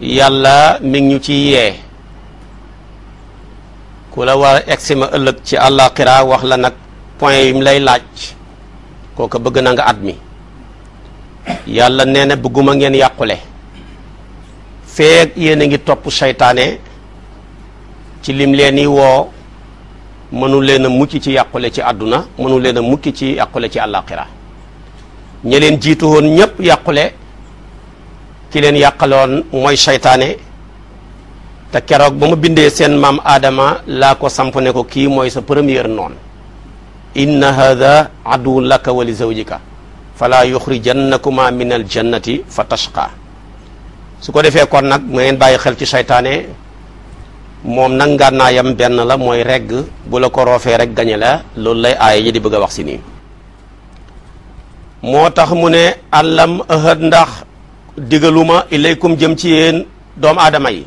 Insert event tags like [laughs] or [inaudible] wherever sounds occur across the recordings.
yàlla mi ñu ci yee ku la war a egsi ma ëllëg ci àllaaxira wax la nag point yi mu lay laaj kooka bëgg na nga at mi yàlla nee na bëgguma ngeen yàqule feek yéen a ngi topp seytaane ci lim leen i woo mënu leen a mucc ci yàqule ci àdduna mënu leen a mucc ci yàqule ci àllaaxira ña leen jiitu woon ñépp yàqule ki leen yàqaloon mooy seytaane te keroog ba ma bindee seen maam aadama laa ko samp ne ko kii mooy sa première noon inna hada aduwun laka wa li zawjika na yuxrijannakuma min al jannati fa tashqa su ko defee kon nag ma ngeen bàyyi xel ci seytaane moom nag ngànnaayam benn la mooy regg bu la ko roofee rek gañe la loolu lay aaya yi di bëgg a wax si nii moo tax mu ne àllam ëhët ndax digaluma ilaykum jëm ci yéen doomu aadama yi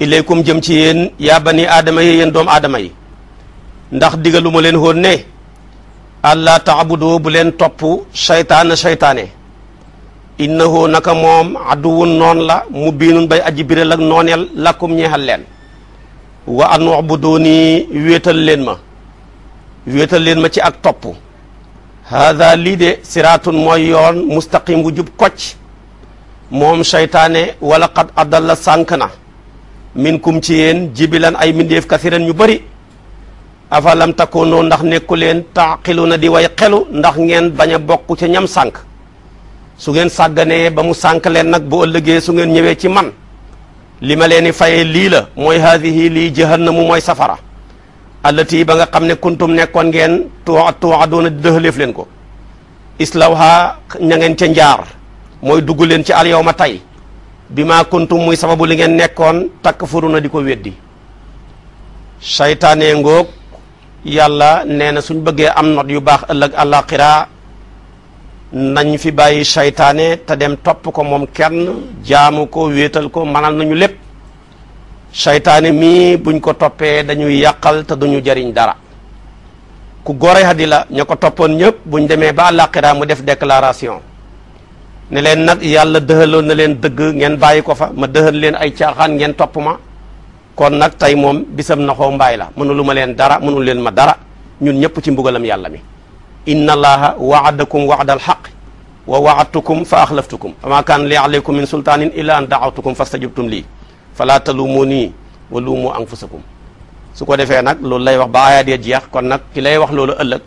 ilaykum jëm ci yéen yaa bani aadama yi yéen doomu aadama yi ndax digaluma leen woon ne allah taabudu bu leen topp seytaane seytaane innahu naka moom aduwun noon la mu biinun bay aji biral ak nooneel lakkum ñeexal leen wa an ubuduni wéetal leen ma wéetal leen ma ci ak topp haada lii de siraatun mooy yoon mustaqim wu koc moom seytaane wala qad adalla sànk na minkum ci yéen jibilan ay mindeef kasiran ñu bari afalam takoonoo ndax nekku leen taaqilu na di way xelu ndax ngeen bañ a bokk ca ñam sànk su ngeen sàgganee ba mu sànk leen nag bu ëllëgee su ngeen ñëwee ci man li ma leen di fayee lii la mooy haadihi lii jahannamu mooy safara allati ba nga xam ne kuntum nekkoon ngeen tuwa tuwa doona di dëxaleef leen ko islawha ña ngeen ca njaar mooy dugg leen ci al ma tey bi ma kuntum muy sababu li ngeen nekkoon takk furu na di ko weddi saytaane ngoog yàlla nee na suñ bëggee am not yu baax ëllëg àllaaxira nañ fi bàyyi saytaane te dem topp ko moom kenn jaamu ko wéetal ko manal nañu lépp saytaane mii buñ ko toppee dañuy yàqal te duñu jariñ dara ku gore hadi la ña ko toppoon ñëpp buñ demee ba àllaaxira mu def déclaration ne leen nag yàlla dëhaloon na leen dëgg ngeen bàyyi ko fa ma dëhal leen ay caaxaan ngeen topp ma kon nag tey moom bisam naxoo mbaay la mënulu ma leen dara mënul leen ma dara ñun ñëpp ci mbugalam yàlla mi inna allaha waadakum waada alxaq wa waadtukum fa axlaftukum fama kaan li aleykum min sultaanin illa an daawtukum fastajibtum lii fala talumu nii wa luumu anfusakum su ko defee nag loolu lay wax ba aayaat ya jeex kon nag ki lay wax loolu ëllëg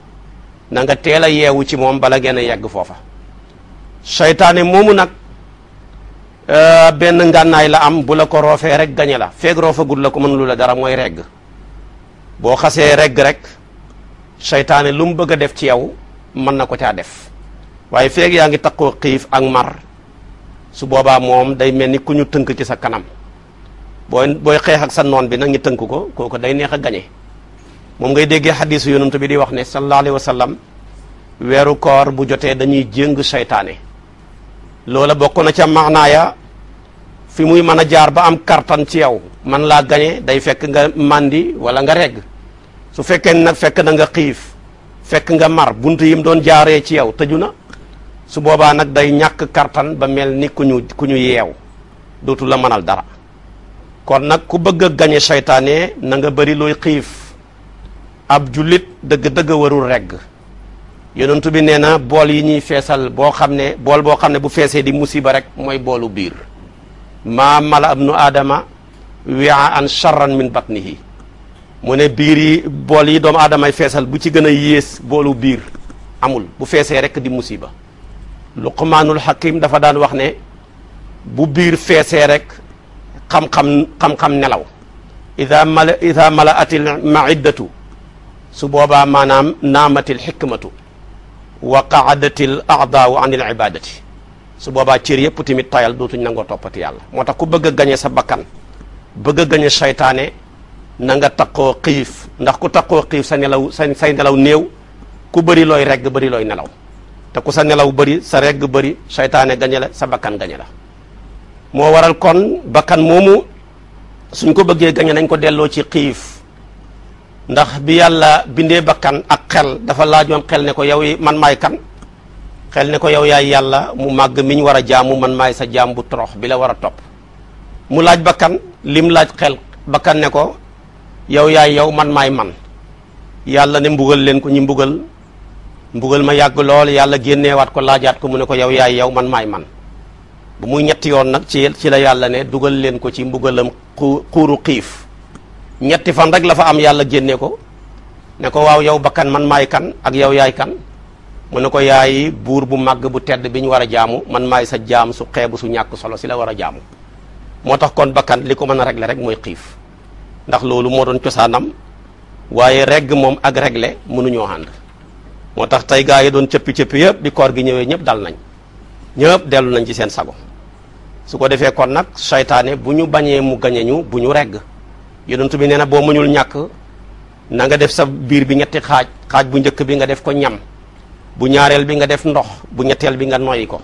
na nga teel a yeewu ci moom bala ngeen a yegg foofa seytaane moomu nag euh, benn ngànnaay la am bu la ko roofee rek gañe la feeg roofagul la ko mën lu la dara mooy regg boo xasee regg rek seytaane lu mu bëgg a def ci yow mën na ko caa def waaye feeg yaa ngi taqoo xëyif ak mar su boobaa moom day mel ni ku ñu tënk ci sa kanam booy booy xeex ak sa noon bi nag tënk ko kooku day neex a gañe moom ngay déggee xadiisu yonent bi di wax ne sallallahu alayhi wa sallam weeru koor bu jotee dañuy jéng saytaane loola bokk na ca maanaaya fi muy mën a jaar ba am kartan ci yow man laa gañe day fekk nga màndi wala nga regg su fekkee nag fekk na nga xiif fekk nga mar bunt yim doon jaaree ci yow tëju na su boobaa nag day ñàkk kartan ba mel ni ku ñu ku ñu yeew dootu la mënal dara kon nag ku bëgg a gañe seytaane na nga bari looy xiif ab jullit dëgg-dëgg warul regg yonentu bi nee na bool yi ñuy feesal boo xam ne bool boo xam ne bu feesee di musiba rek mooy boolu biir maa mala ab nu aadama wia an charran min batnihi mu ne biir yi bool yi doomu aadamay feesal bu ci gën a yées boolu biir amul bu feesee rek di musiba luqmaanul hakim dafa daan wax ne bu biir feesee rek xam-xam xam-xam nelaw ida mala ida mala atil maiddatu su boobaa maanaam naamatil xikmatu wa qaadatil aadaawu anil ibadati su boobaa ciir yëpp tamit tayal dootuñ nangoo toppati yàlla moo tax ku bëgg a gañe sa bakkan bëgg gañe saytaane na nga taqoo xiif ndax ku taqoo xiif sa nelaw sa say nelaw néew ku bari looy regg bëri looy nelaw te ku sa nelaw bari sa regg bëri saytaane gañe la sa bakkan gañe la moo waral kon bakkan moomu suñ ko bëggee gañe nañ ko delloo ci xiif ndax bi yàlla bindee bakkan ak xel dafa laajoon xel ne ko yow man maay kan xel ne ko yow yaay yàlla mu màgg mi ñu war a jaamu man maay sa jaam bu torox bi la war a topp mu laaj bakkan lim laaj xel bakkan ne ko yow yaay yow man maay man yàlla ne mbugal leen ko ñi mbugal mbugal ma yàgg lool yàlla génneewaat ko laajaat ko mu ne ko yow yaay yow man maay man bu muy ñetti yoon nag ci ci la yàlla ne dugal leen ko ci mbugalam xuuru xiif ñetti fan rek la fa am yàlla génne ko ne ko waaw yow bakkan man maay kan ak yow yaay kan mu ne ko yaay buur bu màgg bu tedd bi ñu war a jaamu man maay sa jaam su xeebu su ñàkk solo si la war a jaamu moo tax kon bakkan li ko mën a regle rek mooy xiif ndax loolu moo doon cosaanam waaye regg moom ak régler mënuñoo moo tax tey gaa yi doon cëpp cëpp yëpp bi koor gi ñëwee ñëpp dal nañ ñëpp dellu nañ ci seen sago su ko defee kon nag saytaane bu ñu bañee mu gañe ñu bu ñu regg yonent bi nee na boo mënul ñàkk na nga def sa biir bi ñetti xaaj xaaj bu njëkk bi nga def ko ñam bu ñaareel bi nga def ndox bu ñetteel bi nga noyyi ko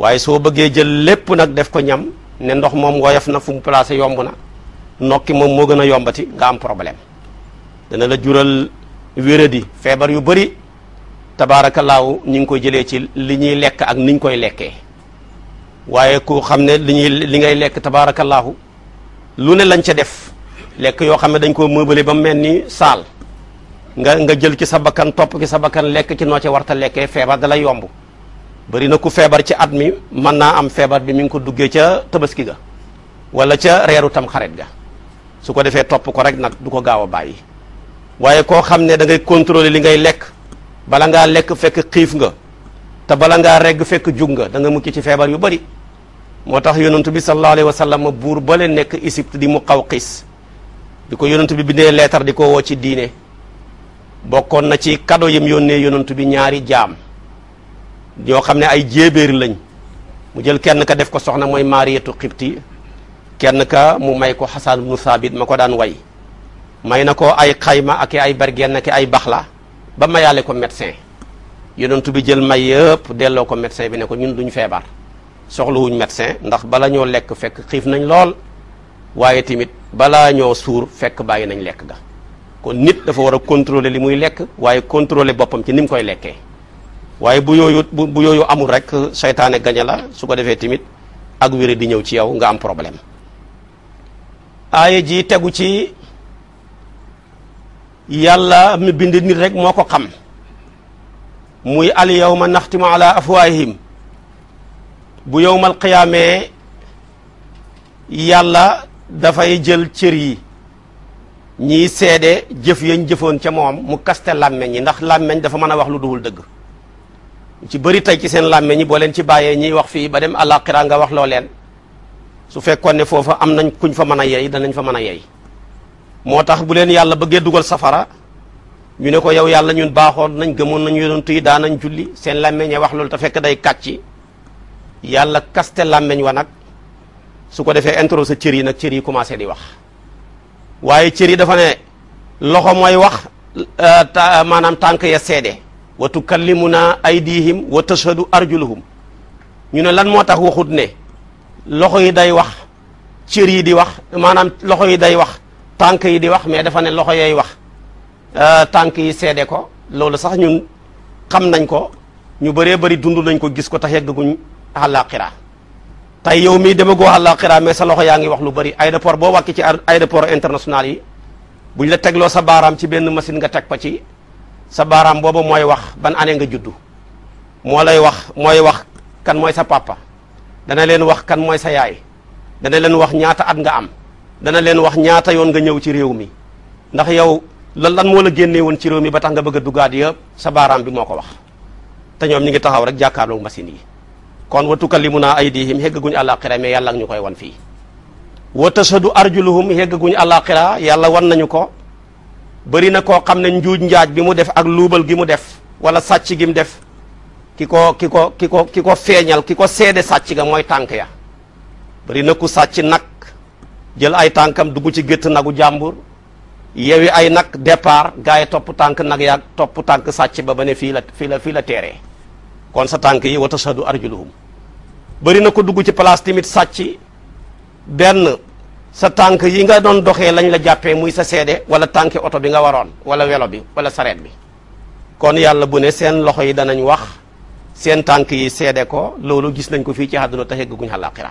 waaye soo bëggee jël lépp nag def ko ñam ne ndox moom woyof na fu mu placé yomb na nokki moom moo gën a yombati nga am problème dana la jural wéradi feebar yu bëri tabaarakallaahu ñu ngi koy jëlee ci li ñuy lekk ak niñ koy lekkee waaye ku xam ne li ñuy li ngay lekk tabaarakallaahu lu ne lañ ca def lekk yoo xam ne dañ koo mëbale ba mu mel ni saal nga nga jël ci sa bakkan topp ci sa bakkan lekk ci noo ci warta lekkee feebar da lay yomb bari na ku feebar ci at mi mën naa am feebar bi mi ngi ko duggee ca tabaski ga wala ca reeru tam xarit ga su ko defee topp ko rek nag du ko gaaw a bàyyi waaye koo xam ne da ngay contrôler li ngay lekk bala ngaa lekk fekk xiif nga te bala ngaa regg fekk jug nga danga nga mucc ci feebar yu bari moo tax yonentu bi sallallahu alayhi wa sallam buur ba leen nekk Égypte di mu xaw xiis bi ko yonantu bi bindee leetar di ko woo ci diine bokkoon na ci kado yim yónnee yonantu bi ñaari jaam ñoo xam ne ay jéebéer lañ mu jël kenn ka def ko soxna mooy maariyatu xibti kenn ka mu may ko xasaan ibnu saabit ma ko daan way may na ko ay xayma ak ay bergen ak ay baxla ba mayaale ko médecin yonentu bi jël may yëpp delloo ko médecin bi ne ko ñun duñ feebar soxlawuñ médecin ndax bala ñoo lekk fekk xiif nañ lool waaye tamit balaa ñoo suur fekk bàyyi nañ lekk ga kon nit dafa war a contrôler li muy lekk waaye contrôler boppam ci ni mu koy lekkee waaye bu yooyu bu yooyu amul rek seytaane gañe la su ko defee tamit ak wére di ñëw ci yow nga am problème aaya ji tegu ci yàlla mi bind nit rek moo ko xam muy al yawma naxtimu ala afwaahihim bu yowmal qiyaamee yàlla dafay jël cër yi ñiy seede jëf yañ jëfoon ca moom mu kaste làmmeñ yi ndax làmmeñ dafa mën a wax lu duwul dëgg ci bari tey ci seen làmmeñ yi boo leen ci bàyyee ñiy wax fii ba dem àllaaxira nga wax loo leen su fekkoon ne foofa am nañ kuñ fa mën a yey danañ fa mën a yey moo tax bu leen yàlla bëggee dugal safara ñu ne ko yow yàlla ñun baaxoon nañ gëmoon nañu yenoon yi daan nañ julli seen làmmeñ wax loolu te fekk day kàcci yàlla kaste làmmeñ wa nag su ko defee intro sa cër yi nag cër yi commencé di wax waaye cër yi dafa ne loxo mooy wax euh, ta maanaam tànk ya seede mun wa tukallimuna aydihim wa tashhadu arjuluhum ñu ne lan moo tax waxut ne loxo yi day wax cër yi di wax maanaam loxo yi day wax tànk yi di wax mais dafa ne loxo yooy wax euh, tànk yi seede ko loolu sax ñun xam nañ ko ñu bëree bëri dund nañ ko gis ko tax yeggaguñ àllaaxira tey yow mii demagoo àllaaxira mais sa loxo yaa ngi wax lu bëri aéroport boo wàkki ci aéroport international yi buñ la tegloo sa baaraam ci benn machine nga teg ko ci sa baaraam boobu mooy wax ban année nga juddu moo lay wax mooy wax kan mooy sa papa dana leen wax kan mooy sa yaay dana leen wax ñaata at nga am dana leen wax ñaata yoon nga ñëw ci réew mi ndax yow lan lan moo la génnee woon ci réew mi ba tax nga bëgg a duggaat yëpp sa baaraam bi moo ko wax te ñoom ñi ngi taxaw rek jàkkaarloo machine yi kon watu ka wa tukallimunaa aydihim heggaguñu àllaaxira mais yàlla ñu koy wan fii wa tashhadu arjuluhum heggaguñu àllaaxira yàlla wan nañu ko bari na koo xam ne njuuj njaaj bi mu def ak luubal gi mu def wala sàcc gi mu def ki ko ki ko ki ki ko feeñal ki ko seede sàcc ga mooy tànk ya bari na ku sàcc nag jël ay tànkam dugg ci gétt nagu jàmbur yewi ay nag départ gars yi topp tànk nag yaag topp tànk sàcc ba ba ne fii la fii la fii kon sa tànk yi wa tashhadu arjuluhum bëri na ko dugg ci place tamit sàcc benn sa tànk yi nga doon doxee lañu la jàppee muy sa seede wala tànki oto bi nga waroon wala welo bi wala sareet bi kon yàlla bu ne seen loxo yi danañ wax seen tànk yi seede ko loolu gis nañ ko fii ci àdduna taxe guñ àllaaxira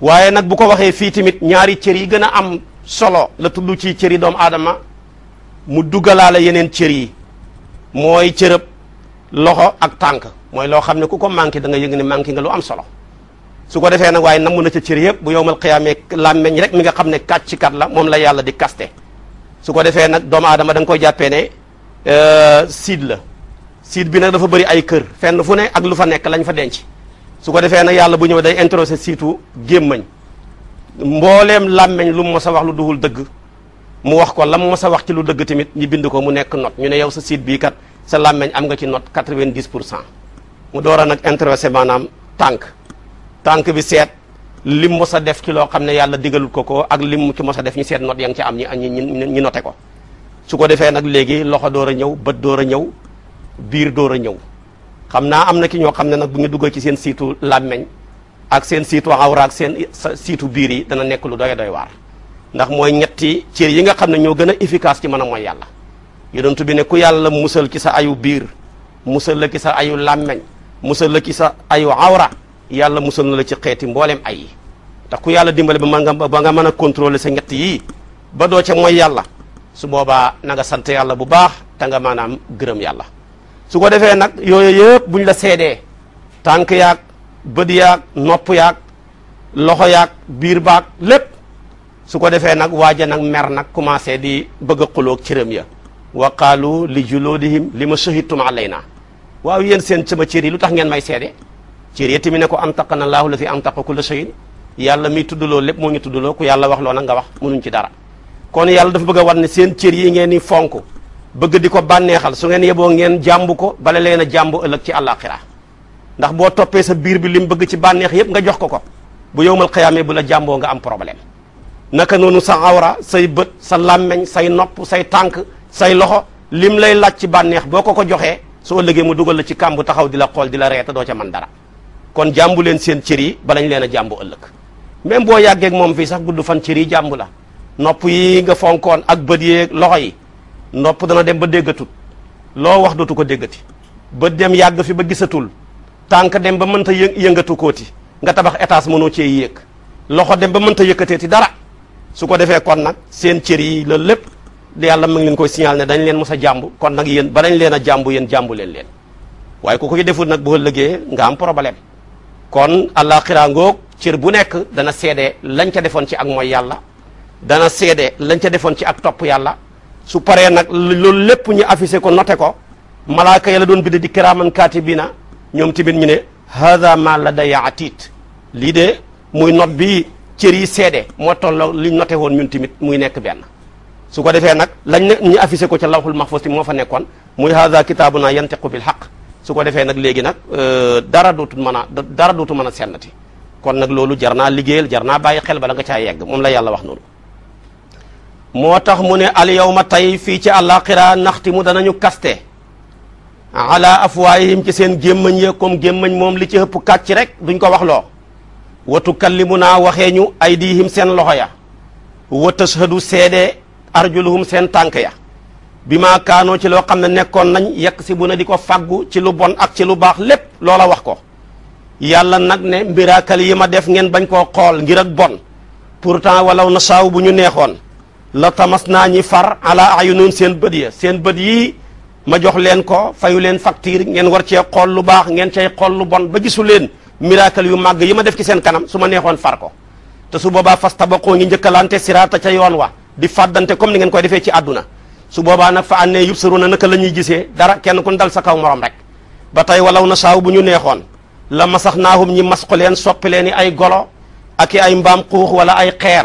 waaye nag bu ko waxee fii tamit ñaari cër yi gën a am solo la tudd ci cëri doomu aadama mu duggalaale yeneen cër yi mooy cërëb loxo ak tànk mooy loo xam ne ku ko manqué danga nga yëg ne manqué nga lu am solo su ko defee nag waaye namm na ca cër yëpp bu yowmal xiyaamee làmmeñ rek mi nga xam ne kat kat la moom la yàlla di kaste su ko defee nag doomu aadama da nga koy jàppee ne euh, siid la siid bi nag dafa bëri ay kër fenn fu ne ak lu fa nekk lañ fa denc su ko defee nag yàlla bu ñëw day introsé siitu gémmañ mbooleem làmmeñ lu mu mos a wax lu duhul dëgg mu wax ko la mu a wax ci lu dëgg tamit ñu bind ko mu nekk not ñu ne yow sa siid bii kat sa làmmeñ am nga ci not 90 pour cent mu doora nag introsé maanaam tànk tànk bi seet lim mos a def ki loo xam ne yàlla digalul ko ko ak lim ci mos a def ñi seet not ya ci am ñi ñi ñi noté ko su ko defee nag léegi loxo door a ñëw bët door a ñëw biir door a ñëw xam naa am na ki ñoo xam ne nag bu ñu duggee ci seen siitu làmmeñ ak seen siitu awra ak seen siitu biir yi dana nekk lu doy doy waar ndax mooy ñetti cër yi nga xam ne ñoo gën a efficace ci mën a mooy yàlla yonent bi ne ku yàlla musal ci sa ayu biir musal la ci sa ayu làmmeñ musal la ci sa ayu awra yàlla musal na la ci xeeti mboolem ay yi ku yàlla dimbale ba mën nga ba nga mën a contrôler sa ñett yi ba doo ca mooy yàlla su boobaa na nga sant yàlla bu baax te nga maanaam gërëm yàlla su ko defee nag yooyu yëpp buñ la seedee tànk yaag bët yaag nopp yaag loxo yaag biir baag lépp su ko defee nag waaja nag mer nag commencé di bëgg a xuloog cëram ya wa li juloo juluudihim li ma shahidtum naa waaw yéen seen sama cër yi lu tax ngeen may seede cër yi tamit ne ko antaqana laahu la fi ku la shay'in yàlla miy tuddaloo lépp moo ñu tuddaloo ku yàlla wax loo nag nga wax mënuñ ci dara kon yàlla dafa bëgg a wan ne seen cër yi ngeen di fonk bëgg di ko bànneexal su ngeen yeboo ngeen jàmb ko bala leen a jàmb ëllëg ci àllaaxira ndax boo toppee sa biir bi lim bëgg ci bànneex yëpp nga jox ko ko bu yowmal xiyaamee bu la jàmboo nga am problème naka noonu sa awra say bët sa làmmeñ say nopp say tànk say loxo lim lay laaj ci bànneex boo ko ko joxee soo ëllëgee mu dugal la ci kàmb taxaw di la xool di la reeta doo ca man dara kon jàmbu leen seen cër yi balañ leen a jàmbu ëllëg même boo yàggeeg moom fii sax gudd fan cër yi jàmbu nopp yi nga fonkoon ak bët yeeg loxo yi nopp dana dem ba déggatut loo wax dootu ko déggati bët dem yàgg fi ba gisatul tànk dem ba mënta yë yëngatu kooti nga tabax étage mënoo cee yéeg loxo dem ba mënta yëkkateeti dara su ko defee kon nag seen cër yi la lépp yàlla mu ngi leen koy signal dañ leen mos a jàmb kon nag yéen ba dañ leen a jàmb yéen jàmbu leen leen waaye ku ko fi deful nag bu ëllëgee nga am problème kon àllaaxira ngoog cër bu nekk dana seede lañ ca defoon ci ak mooy yàlla dana seede lañ ca defoon ci ak topp yàlla su paree nag loolu lépp ñu affiché ko noté ko malaaka ya la bi bind di kiraaman kaatibiina ñoom tamit ñu ne haada ma ladayya atiid lii de muy not bi cër yi seede moo tolloo liñ noté woon ñun tamit muy nekk benn su ko defee nag lañ ne ñu affiché ko ca lawxul mahfuz moo fa nekkoon muy haza kitaabuna yantiqu bil haqq su ko defee nag léegi nag euh, dara dootul mën a dara dootul mën a sennati kon nag loolu jar naa liggéeyal jar naa bàyyi xel bala nga caa yegg moom la yàlla wax noonu moo tax mu ne al yawma tey fii ci ti mu naxtimu danañu kaste ala afwaahihim ci seen gémmañ ya comme gémmañ moom li ci ëpp kàcc rek duñ ko wax loo wa tukallimunaa waxee ñu aydihim seen loxo ya arjuluhum seen tànk ya bi maa kaanoo ci loo xam ne nekkoon nañ yekk si bu na di ko faggu ci lu bon ak ci lu baax lépp loola wax ko yàlla nag ne mbiraakal yi ma def ngeen bañ koo xool ngir ak bon pourtant walaw na saaw bu ñu neexoon la tamas naa ñi far alaa ayu ayunun seen bët ya seen bët yi ma jox leen ko fayu leen facture ngeen war cee xool lu baax ngeen cee xool lu bon ba gisu leen miracle yu màgg yi ma def ci seen kanam su ma neexoon far ko te su boobaa fas tabaqoo ngi njëkkalante siraata ca yoon wa di fàddante comme ni ngeen koy defee ci àdduna su boobaa nag fa annee yubsiruna naka la ñuy gisee dara kenn kun dal sa kaw morom rek ba tey walaw na saaw bu ñu neexoon la ma sax naahum ñi masqu leen soppi leen i ay golo ak i ay mbaam xuux wala ay xeer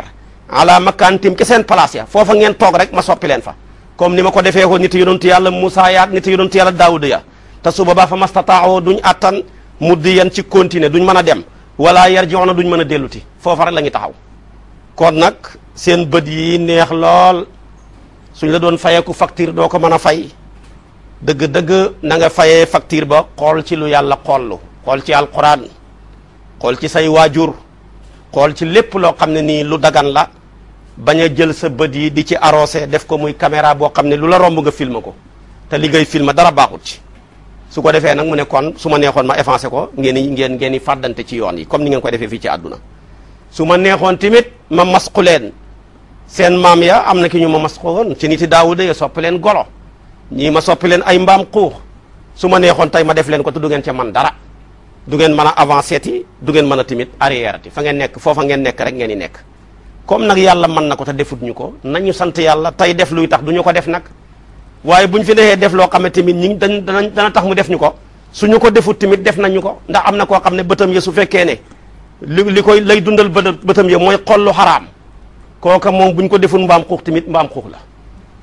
ala makantim ci seen place ya foofa ngeen toog rek ma soppi leen fa comme ni ma ko defee ko nit yonentu yàlla Moussa yaat nit yonentu yàlla Daawuda ya te su boobaa fa mastataao duñ attan muddiyan ci continuer duñ mën a dem wala yarjiuna duñ mën a delluti foofa rek la ñuy taxaw seen bët yi neex lool suñ la doon fayeeku facture doo ko mën a fay dëgg-dëgg na nga fayee facture ba xool ci lu yàlla xoollu xool ci alxuraan xool ci say waajur xool ci lépp loo xam ne nii lu dagan la bañ a jël sa bët yi di ci arrosé def ko muy caméra boo xam ne lu la romb nga filmer ko te liggéey ngay filmer dara baaxut ci su ko defee nag mu ne kon su ma neexoon ma effacé ko ngeen ngeen ngeen i fàddante ci yoon yi comme ni ngeen ko defee fii ci àdduna su ma neexoon tamit seen maam ya am na ki ñu ma mas xooloon si niti daawuda de soppi leen golo ñii ma soppileen ay mbaam xuux su ma neexoon tey ma def leen ko te du ngeen ca man dara du ngeen mën a avancé ti du ngeen mën a tamit arrière ti fa ngeen nekk foofa ngeen nekk rek ngeen di nekk comme nag yàlla mën na ko te defut ñu ko ñu sant yàlla tey def luy tax du ñu ko def nag waaye buñ fi nexee def loo xam ne tamit ñi dañ dana tax mu def ñu ko su ñu ko defut tamit def nañu ko ndax am na koo xam ne bëtam ya su fekkee ne li li koy lay dundal bëtam ya mooy xollu xaraam kooka moom bu ñu ko defoon mbaam xuux tamit mbaam xuux la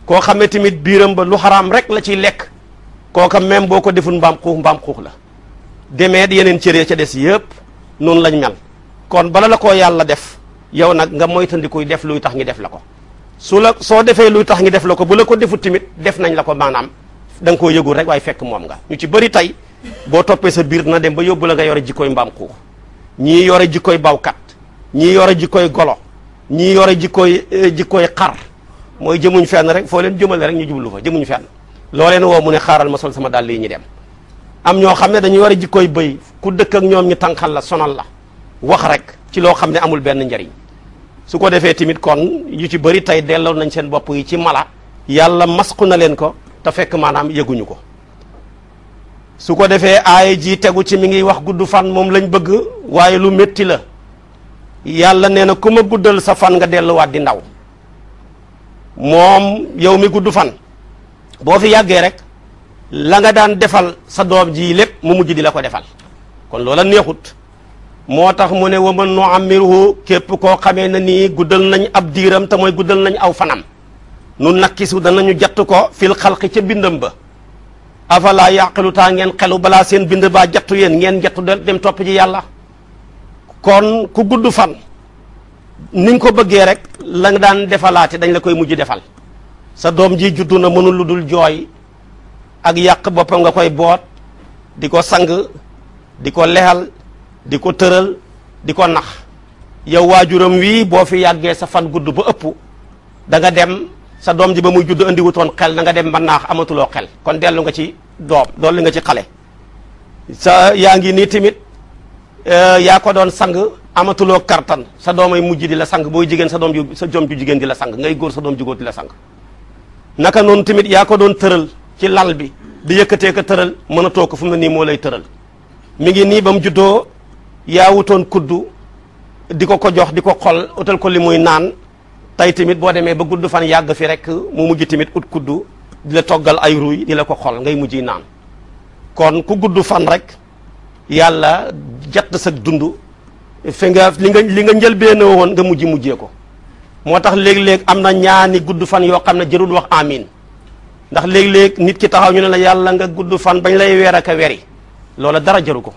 koo xamee tamit biiram ba lu xaraam rek la ciy lekk kooka même boo ko defoon mbaam xuux mbaam xuux la demeet yeneen cëree ca des yëpp noonu lañ mel kon bala la ko yàlla def yow nag nga moytandikuy def luy tax ngi def la ko su la soo defee luy tax ngi def la ko bu la ko defut tamit def nañ la ko maanaam da koo yëgul rek waaye fekk moom nga ñu ci bëri tey boo toppee sa biir na dem ba yóbbu la nga yore jikkooy mbaam xuux ñii yore jikkooy bawkat ñii yore jikkooy golo ñi yore jikkooy eh, jikkooy xar mooy jëmuñ fenn rek foo leen jëmale rek ñu jublu fa jëmuñ fenn loo leen woo mu ne xaaral ma sol sama dàll yi ñu dem am ñoo xam ne dañuy a jikkooy bëy ku dëkk ak ñoom ñu tànqal la sonal la wax rek ci loo xam ne amul benn njariñ su ko defee tamit kon yu ci bari tey delloo nañ seen bopp yi ci mala yàlla masqu na leen ko te fekk maanaam yëguñu ko su ko defee aaya ji tegu ci mu ngi wax gudd fan moom lañ bëgg waaye lu métti la yàlla nee na ku a guddal sa fan nga delluwaat di ndaw moom yow mi gudd fan boo fi yàggee rek la nga daan defal sa doom ji lépp mu mujj di la ko defal kon loola neexut moo tax mu ne wa man nu amiruhu képp koo xamee na nii guddal nañ ab diiram te mooy guddal nañu aw fanam nu nakkisu danañu jatt ko fil xalqi ca bindam ba afala yaqilu taa ngeen xelu balaa seen bind baa jattu yéen ngeen jattu dem topp ji yàlla kon ku gudd fan ni ko bëggee rek la nga daan defalaate dañ la koy mujj defal sa doom ji juddu na mënul lu dul jooy ak yàq boppam nga koy boot di ko sang di ko lexal di ko tëral di ko nax yow waajuram wii boo fi yàggee sa fan gudd ba ëpp danga dem sa doom ji ba muy judd indiwutoon xel da nga dem ba naax amatuloo xel kon dellu nga ci doom dolli nga ci xale sa yaa ngi nii tamit Euh, yaa ko doon sang amatuloo kartan sa doom doomay mujj di la sang booy jigéen sa doom ju sa jom ju jigéen di la sang ngay góor sa doom ju góor di la sang naka noonu tamit yaa ko doon tëral ci lal bi di yëkkatee ko tëral mënatoo ko fu mu ni moo lay tëral mi ngi nii ba mu juddoo yaa wutoon kuddu di ko ko jox di ko xol utal ko li muy naan tey tamit boo demee ba gudd fan yàgg fi rek mu mujj tamit ut kuddu di la toggal ay ruy di la ko xol ngay mujj naan kon ku gudd fan rek yàlla jatt sa dund fi nga li nga li nga njëlbeen woon nga mujj mujjee ko moo tax léeg-léeg am na ñaani gudd fan yoo xam ne jërul wax amin ndax léeg-léeg nit ki taxaw ñu ne la yàlla nga gudd fan bañ lay weer a weri loola dara jëru ko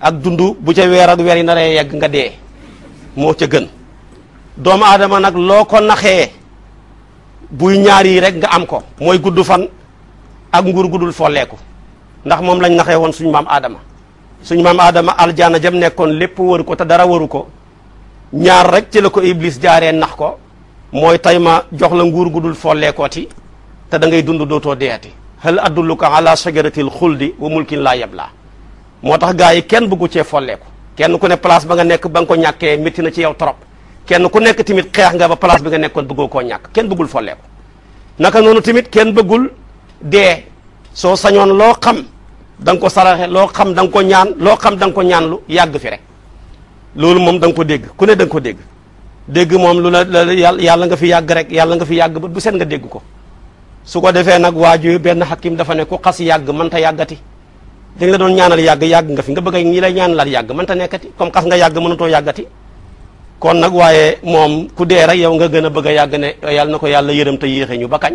ak dund bu ca weer ak weri na ree yegg nga dee moo ca gën doomu aadama nag loo ko naxee buy ñaar yi rek nga am ko mooy gudd fan ak nguur guddul folleeku ndax moom lañ naxee woon suñu maam aadama suñu maam aadama aljaana jam nekkoon lépp waru ko te dara waru ko ñaar rek ci la ko iblis jaaree nax ko mooy tay ma jox la nguur gu dul folleekooti te da ngay dund dootoo a deeti hal adulluka ala sajaratil xuldi wa mulkin laa yablaa moo tax gars yi kenn bëggu cee folleeku kenn ku ne place ba nga nekk ba nga ko ñàkkee métti na ci yow trop kenn ku nekk tamit xeex nga ba place bi nga nekkoon bëggoo koo ñàkk kenn bëggul folleeku naka noonu tamit kenn bëggul dee da nga ko saraxe loo xam da nga ko ñaan xam da nga ñaan lu yàgg fi rek loolu moom danga ko dégg ku ne da ko dégg dégg moom lu la yàlla nga fi yàgg rek yàlla nga fi yàgg ba bu set nga dégg ko su ko defee nag waaju benn xakim dafa ne ku xas yàgg mën yàggati li nga doon ñaanal yàgg yàgg nga fi nga bëgg ñi lay ñaan ñaanalaat yàgg mën ta nekkati comme xas nga yàgg mënatoo yàggati kon nag waaye moom ku dee rek yow nga gën a bëgg a yàgg ne yàlla na ko yàlla yërëm te yéexe ñu ba kañ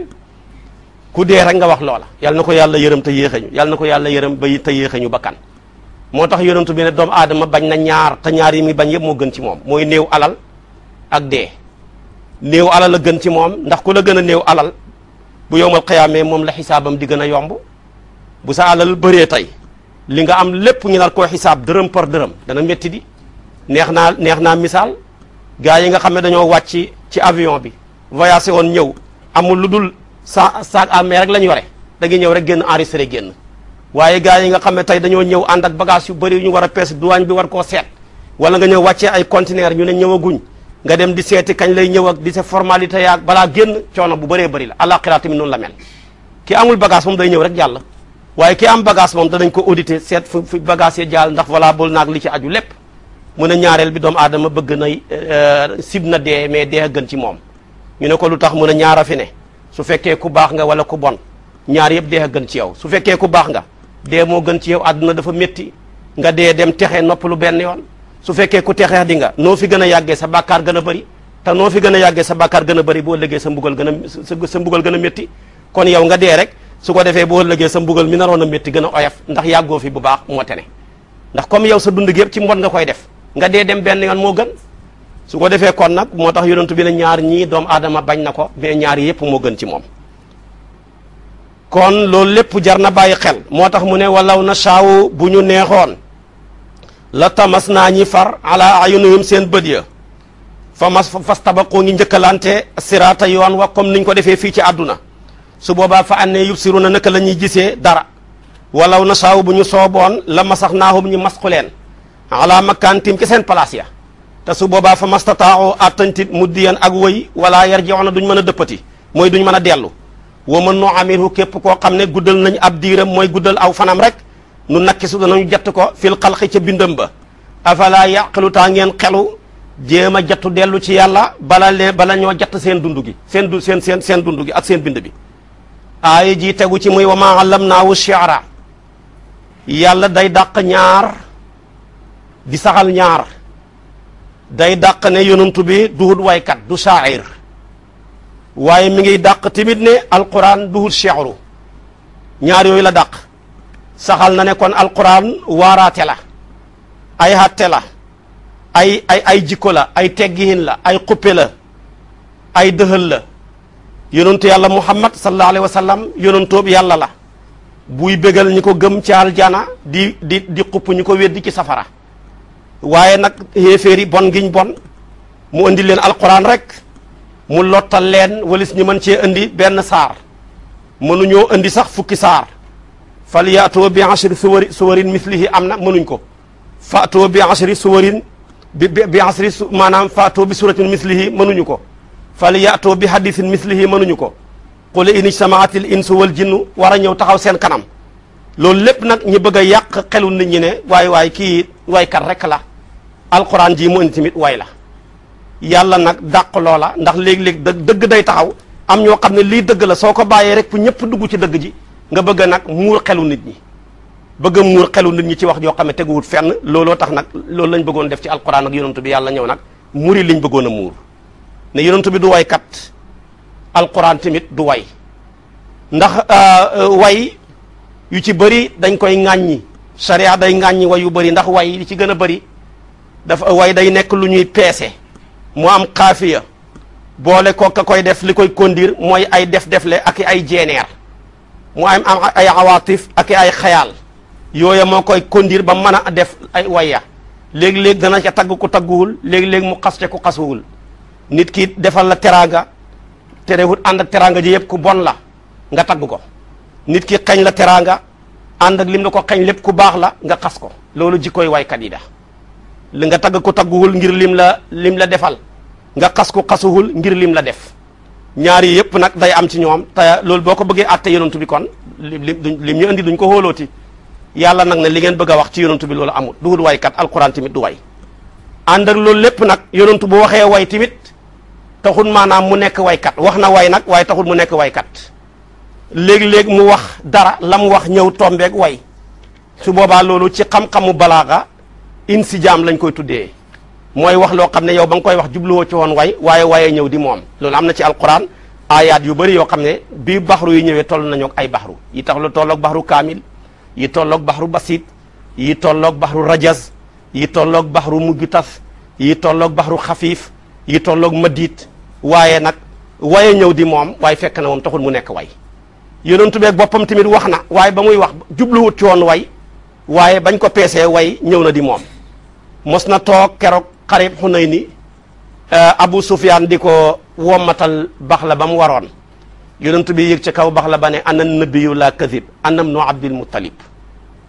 ku dee rek nga wax loola yal na ko yàlla yërëm te yéexañu yal na ko yàlla yërëm ba te yéexañu bakkan moo tax yonentu bi ne doomu aadama bañ na ñaar te ñaar yi muy bañ yëpp moo gën ci moom mooy new alal ak dee néew alal a gën ci moom ndax ku la gën a néew alal bu yowmal xiyaamee moom la xisaabam di gën a yomb bu sa alal bëree tey li nga am lépp ñu nar koo xisaab dërëm par dërëm dana métti di neex naa neex naa misaal gars yi nga xam ne dañoo wàcc ci avion bi voyagé woon ñëw amul lu dul sa sac rek la ñu yore da ngay ñëw rek génn enregistré génn waaye gars yi nga xam ne tey dañoo ñëw ànd ak bagage yu bëri yu ñu war a pees douane bi war koo seet wala nga ñëw wàccee ay conteneur ñu ne ñëwaguñ nga dem di seeti kañ lay ñëw ak di sa formalité yaag balaa génn coono bu baree bari la àllaaxira tamit noonu la mel ki amul bagage moom ñëw rek jàll waaye ki am bagage moom danañ ko audité seet fu fu bagage yi jàll ndax voilà bul naag li ci aju lépp mu a ñaareel bi doomu aadama bëgg na euh, sib na dee mais gën ci moom ñu ne ko lu tax mu ne ñaara fi ne su fekkee ku baax nga wala ku bon ñaar yëpp dee a gën ci yow su fekkee ku baax nga dee moo gën ci yow àdduna dafa métti nga dee dem texe nopp lu benn yoon su fekkee ku texeex di nga noo fi gën a yàggee sa bakkaar gën a bëri te noo fi gën a yàggee sa bàkkaar gën a bëri boo ëllëgee sa mbugal gën a sa mbugal gën a kon yow nga dee rek su ko defee boo ëllëgee sa mbugal mi naroon a métti gën a oyof ndax yàggoo fi bu baax moo te ne ndax comme yow sa dund gi yëpp ci mbon nga koy def nga dee dem benn yoon moo gën su ko defee kon nag moo tax yonentu bi ne ñaar ñii doom aadama bañ na ko mais ñaar yëpp moo gën ci moom kon loolu lépp jar na bàyyi xel moo tax mu ne walaw na saawu bu ñu neexoon la tamas naa ñi far ala ayunihim seen bët ya fa mas fas tabakoo ngi njëkkalante siraata yoon wa comme niñ ko defee fii ci àdduna su boobaa fa annee yubsiru na naka la ñuy gisee dara walaw na saawu bu ñu sooboon la masax naahum ñi masxu leen ala makkaantim ci seen place te su boobaa fa mastataaxoo attantit muddiyan ak woy wala na duñ mën a dëppati mooy duñ mën a dellu wa man nu amiru képp koo xam ne guddal nañu ab diiram mooy guddal aw fanam rek nu nakkisu danañu jett ko fil xalqi ca bindam ba afala yaqilu taa ngeen xelu jéem a jattu dellu ci yàlla bala lee bala ñoo jatt seen dund gi seen du seen seen seen dund gi ak seen bind bi aaya ji tegu ci muy wa maa allamnaahu shi'ra yàlla day dàq ñaar di saxal ñaar day dàq ne yonantu bi duhut waykat du shaair waaye mi ngi dàq tamit ne alquran duhut shi'ru ñaar yooyu la dàq saxal na ne kon alxuraan waaraate la ay hatte la ay ay jikko la ay teggihin la ay xuppe la ay dëhël la yonantu yàlla muhammad sallallahu alayhi wa sallam yàlla la buy bégal ñi ko gëm ci aljana di di di xupp ñi ko weddi ci safara waaye nag xéeféer yi bon giñ bon mu indi leen alquran rek mu lottal leen walis ñu mën cee indi benn saar mënuñoo indi sax fukki saar fal yaatoo bi ashri suwari suwarin mislihi am na mënuñ ko faatoo bi ashri suwarin bi bi ashri su maanaam faatoo bi suratin mislihi mënuñu ko fal yaatoo bi hadisin mislihi mënuñu ko qul in ijtamaatil insu wal jinnu war a ñëw taxaw seen kanam loolu lépp nag ñu bëgg a yàq xelu nit ñi ne waay waay kii waykat rek la alxuraan jii mu indi tamit way la yàlla nag dàq loola ndax léeg-léeg dëgg day taxaw am ñoo xam ne lii dëgg la soo ko bàyyee rek fu ñëpp dugg ci dëgg ji nga bëgg nag muur xelu nit ñi bëgg muur xelu nit ñi ci wax yoo xam ne teguwut fenn looloo tax nag loolu lañ bëggoon def ci alquran ak yonantu bi yàlla ñëw nag muri liñ bëggoon a muur ne yonantu bi du waykat alxuraan tamit du way ndax euh, euh, way yu ci bëri dañ koy ŋàññi sariya day ŋàññi way yu bëri ndax way li ci gën a bëri dafa way day nekk lu ñuy peese mu am xaafiya boole ko koy def li koy conduire mooy ay def-defle ak ay jeeneer mu am ay awatif ak ay xayaal yooya moo koy conduire ba mën a def ay waya léegi-léeg dana ca tagg ku tagguwul léegi-léegi mu xas ca ku xasuwul nit ki defal la teraanga terewut ànd ak teraanga ji yëpp ku bon la nga tagg ko nit ki xañ la teraanga ànd ak lim la ko xañ lépp ku baax la nga xas ko loolu jikkoy waykat yi da li nga tagg ko tagguwul ngir lim la lim la defal nga xas ko xasuwul ngir lim la def ñaar yi yëpp nag day am ci ñoom te loolu boo ko bëggee àtte yonantu bi kon lim ñu andi duñ ko xóolooti yàlla nag na li ngeen bëgg a wax ci yonantu bi loolu amul duhul waykat alquran tamit du way ànd ak loolu lépp nag yonontu bu waxee way tamit taxul maanaam mu nekk waykat wax na way nag waaye taxul mu nekk waykat léegi léeg mu wax dara la wax ñëw tombeek way su boobaa loolu ci xam-xamu balaaga insijaam lañ koy tuddee mooy wax loo xam ne yow ba nga koy wax jubluwoo ci woon way waaye waaye ñëw di moom loolu am na ci alquran ayaat yu bëri yoo xam ne bii baxru yi ñëwee toll nañu ak ay baxru yi tax lu tolloog baxru kaamil yi tolloog baxru basit yi tollook baxru rajaz yi tolloog baxru tas yi tolloog baxru xafiif yi tolloog madit waaye nag waaye ñëw di moom waaye fekk na moom taxul mu nekk way yonentu beeg boppam tamit wax na waaye ba muy wax jubluwut ci woon way waaye bañ ko peesee way ñëw na di moom mos na toog keroog xarib xunay ni eh, Abu Sufyaan di ko wommatal bax la ba mu waroon yonent bi yëg ci kaw bax la ba ne ana nabiyu la kadib anam noo Abdul Muttalib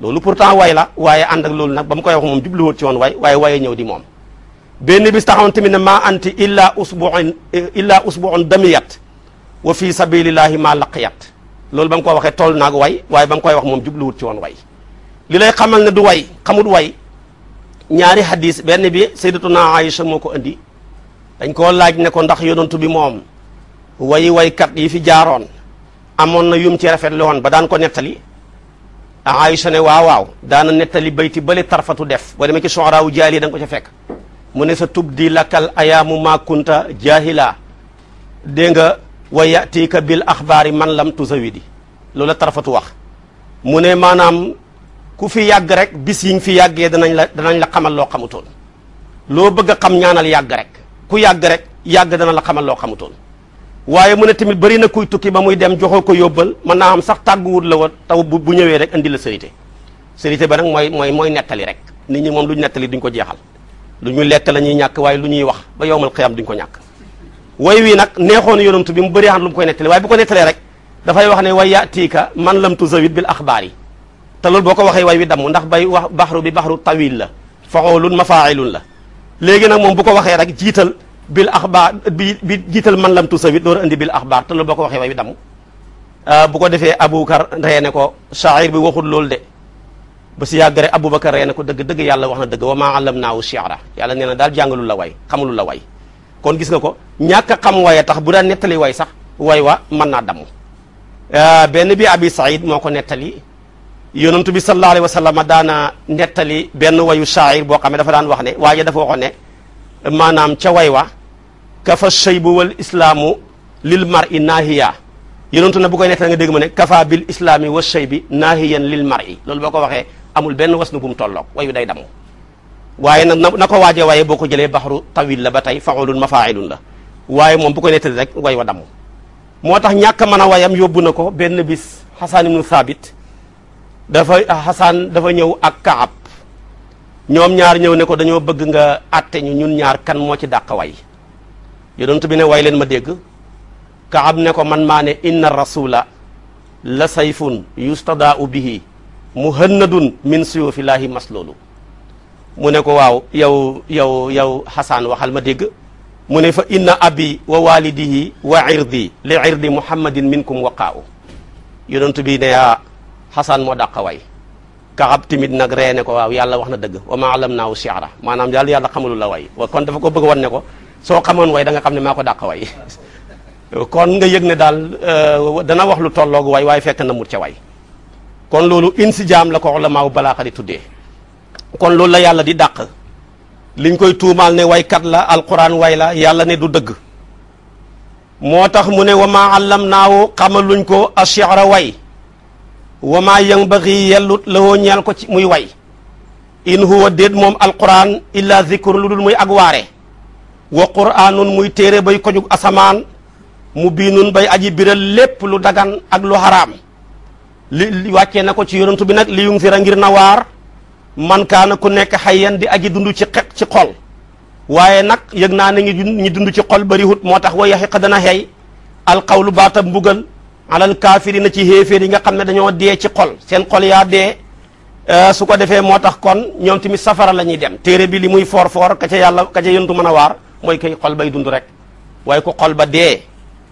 loolu pourtant way la waaye ànd ak loolu nag ba mu koy wax moom jubluwut ci woon way waaye waye ñëw di moom benn bis taxawoon tamit ne maa anti illa usbuun illa usbuun damiyat wa fi sabilillahi ma laqiyat loolu ba mu ko waxee toll naag way waaye ba mu koy wax moom jubluwut ci woon way li lay xamal ne du way xamut way ñaari hadis benn bi sayyidatuna Aïcha moo ko indi dañ koo laaj ne ko ndax yonantu bi moom way waykat yi fi jaaroon amoon na yum ci rafetlu woon ba daan ko nettali Aïcha ne waaw waaw daana nettali bayti bale tarfatu def boo demee ci soxoraawu jaali da ko ca fekk mu ne sa tub di lakkal ayaamu maa kunta jaahila dégg nga wa yatiika bil axbaari man lam tuzawidi loolu la tarfatu wax mu ne maanaam ku fi yàgg rek bis yi ñu fi yàggee danañ la danañ la xamal loo xamutoon loo bëgg a xam ñaanal yàgg rek ku yàgg rek yàgg dana la xamal loo xamutoon waaye mun ne tamit bari na kuy tukki ba muy dem joxoo ko yóbbal mën naa am sax tàgguwut la woon taw bu ñëwee rek indi la sérité sérité ba nag mooy mooy mooy nettali rek nit ñi moom lu ñu nettali duñ ko jeexal lu ñu lekk la ñuy ñàkk waaye lu ñuy wax ba yowmal xiyam duñ ko ñàkk way wii nag neexoon yonantu bi mu bëri xam lu mu koy nettali waaye bu ko nettalee rek dafay wax ne way yaatiika man lam tuzawid bil axbaar te lool boo ko waxee way wi damu ndax bay wax baxru bi baxru tawil la ma faxoolun mafaailun la léegi nag moom bu ko waxee rek jiital bil axbaar bi bi jiital man lam tu sawit door andi bil axbaar te loolu boo ko waxee way wi damm ah, bu ko defee aboubacar reene ko shaayir bi waxul loolu de ba si yàgg rek aboubacar reene ko dëgg dëgg yàlla wax na dëgg wa maa allam naawu shi'ra yàlla nee na daal jàngalul la way xamalul la way kon gis nga ko ñàkk a xam tax bu daan nettali way sax way wa mën naa damm ah, benn bi abi saïd moo ko nettali yonantu bi sallallahu alayhi wa daana nettali benn wayu shaa'ir boo xam ne dafa daan wax ne waa dafa waxoon ne maanaam ca way wa kafa shaybu wal islaamu lil mar'i naahiya yonantu na bu koy nettali nga dégg ma ne kafa bil islaami wa shaybi naahiyan lil mar'i loolu boo ko waxee amul benn wasnu bu mu tolloog wayu day damu waaye nag na ko waajee waaye boo ko jëlee baxaru tawil la ba tey faxulun mafailun la waaye moom bu koy nettali rek way wa damu moo tax ñàkk mën a wayam yóbbu na ko benn bis xasaan ibnu dafa xasaan ah, dafa ñëw ak kaab ñoom ñaar ñëw ne ko dañoo bëgg nga àtte ñu ñun ñaar kan moo ci dàq way yonent bi ne way leen ma dégg kaab ne ko man maa ne inna rasula la sayfun yustadaau bihi muhannadun min suyufillaahi masloolu mu ne ko waaw yow yow yow xasaan waxal ma dégg mu ne fa inna abi wa walidihi wa irdi li irdi muhammadin minkum waqaa u yonent bi ne yaa ah, xasaan moo dàqa way kaxab timit nag ree ne ko waaw yàlla wax na dëgg wa ma alam naahu siara maanaam daal yàlla xamalu la way wa kon dafa ko bëgg wan ko soo xamoon way da nga xam ne maa ko dàqa way [laughs] kon nga yëg ne daal euh, dana wax lu tolloog way waaye fekk na mut ca way kon loolu insijaam la ko ulamaaw balaaxa di tudde kon loolu la yàlla di dàq liñ koy tuumaal ne waykat la alquran way la yàlla ne du dëgg moo tax mu ne wa ma allam naahu xamaluñ ko asiara way wa ba yanbaghi yellut la ñeel ko ci muy way in huwa déet moom alquran illa zikr lu dul muy ak waare wa quraanun muy téere bay kojug asamaan mu bii biinun bay aji biral lépp lu dagan ak lu haraam li wàccee na ko ci yonentu bi nag li yunzira ngir na waar man kaana ku nekk xayyan di aji dund ci xeq ci xol waaye nag yëg naa ne ñi dund ci xol bari hut moo tax wa yaxiqa dana xey alqawlu baata mbugal alal kaafirina ci xéeféer yi nga xam ne dañoo dee ci xol seen xol yaa dee euh, su ko defee moo tax kon ñoom tamit safara la ñuy dem téere bi li muy foor foor ka ca yàlla ka ca yontu mën a waar mooy kay xol bay dund rek waaye ku xol ba dee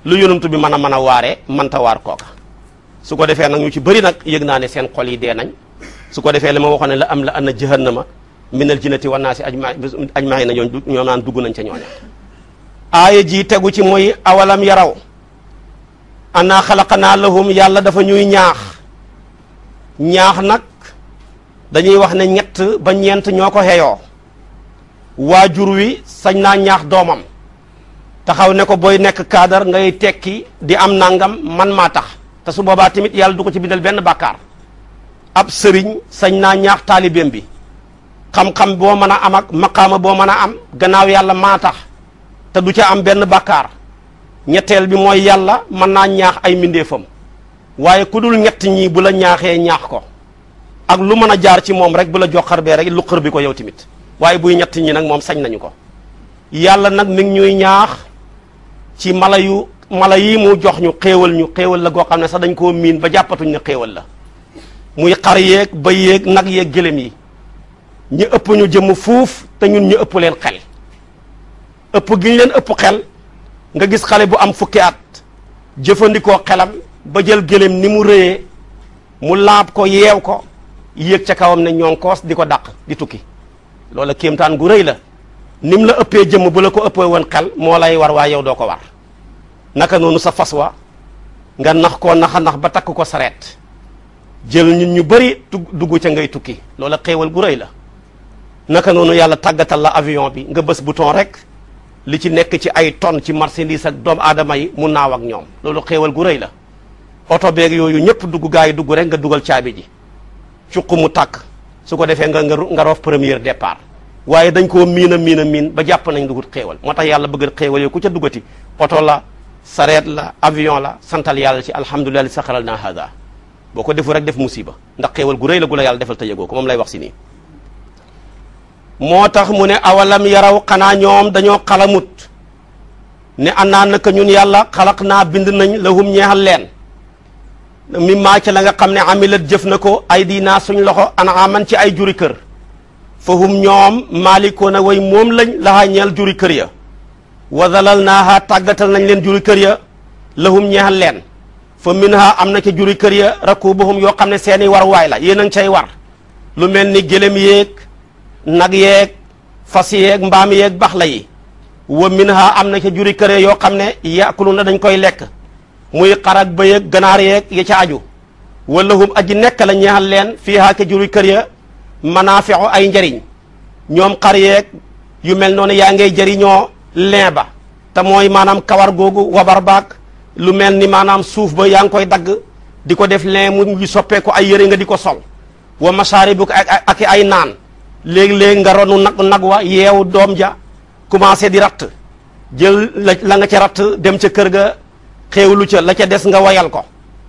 lu yonantu bi mën a mën a waaree mënta waar kooka su ko defee nag ñu ci bëri nag yëg naa ne seen xol yi dee nañ su ko defee la ma waxoon ne la am la anna jahannama minal jinnati wan naasi ajma'iina ñoom naan dugg nañ ca ñooña aaya ji tegu ci mooy awalam yaraw ana xalaqanaa lahum yàlla dafa ñuy ñaax ñaax nag dañuy wax ne ñett ba ñeent ñoo ko xeyoo waajur wi sañ naa ñaax doomam taxaw ne ko booy nekk kaadar ngay tekki di am nangam man maa tax te su boobaa tamit yàlla du ko ci bindal benn bàkkaar ab sëriñ sañ naa ñaax taalibeem bi xam-xam boo mën a am ak boo mën a am gannaaw yàlla maa tax te du ca am benn bàkkaar ñetteel bi mooy yàlla mën naa ñaax ay mbindeefam waaye ku dul ñett ñi bu la ñaaxee ñaax ko ak lu mën a jaar ci moom rek bu la joxar bee rek lu xër bi ko yow tamit waaye buy ñett ñi nag moom sañ nañu ko yàlla nag mi ngi ñuy ñaax ci mala yu mala yi mu jox ñu xéewal ñu xéewal la goo xam ne sax dañ koo miin ba jàppatuñ ne xéewal la muy xar yéeg bëy yéeg nag yeeg gëlëm yi ñu ëpp ñu jëmm fuuf te ñun ñu ëpp leen xel ëpp gi ñu leen ëpp xel nga gis xale bu am fukki at jëfandikoo xelam ba jël gëléem ni mu rëyee mu laab ko yeew ko yéeg ca kawam ne ñoo koos di ko daq di tukki loola kéemtaan gu rëy la ni mu la ëppee jëmm bu la ko ëppee woon xel moo lay war waa yow doo ko war naka noonu sa fas wa nga nax ko naxa nax ba takk ko sareet jël ñun ñu bëri dugg ca ngay tukki loola xéewal gu rëy la naka noonu yàlla tàggatal la avion bi nga bës bouton rek li ci nekk ci ay ton ci marchandise ak doom aadama yi mu naaw ak ñoom loolu xéewal gu rëy la oto beeg yooyu ñëpp dugg gaa yi dugg rek nga dugal caabi ji cuq mu takk su ko defee nga nga roof premier départ waaye dañ koo miin a miin a miin ba jàpp nañ dugut xéewal moo tax yàlla bëgg xéewal yooyu ku ca duggati oto la sareet la avion la santal yàlla ci alhamdulilah li saxaral naa hada boo ko defu rek def musiba ndax xéewal gu rëy la gu la yàlla defal te moom lay wax si nii moo tax mu ne awalam yaraw xanaa ñoom dañoo xalamut ne annaa naka ñun yàlla xalaq naa bind nañ lahum ñeexal leen mi maa ca la nga xam ne amilat jëf na ko ay di naa suñ loxo anaaman ci ay juri kër fahum ñoom maalikoona way moom lañ laxaa ñeel juri kër ya wazalal naaha tàggatal nañ leen juri kër ya lahum ñeexal leen fa minha am na ca juri kër ya rakubuhum yoo xam ne seeni war waay la yéen a ngi cay war lu mel ni gëlëm yéeg nag yeeg fas yeeg mbaam yeeg bax la yi wa minha am na ca juri këree yoo xam ne yaakulu na dañ koy lekk muy xar ak bëy ganaar yeeg ya ca aju wala hum aji nekk la ñeexal leen fi ca juri kër ya manaafiu ay njariñ ñoom xar yeeg yu mel noonu yaa ngay jëriñoo lin ba te mooy maanaam kawar googu wabar baak lu mel ni maanaam suuf ba yaa ngi koy dagg di ko def lin mu ngi soppeeku ay yëre nga di ko sol wa masaaribu ak ak ay naan léegi léeg nga ronu nag nag wa yeew doom ja commencé di ratt jël la nga ca ratt dem ca kër ga xewlu ca la ca des nga wayal ko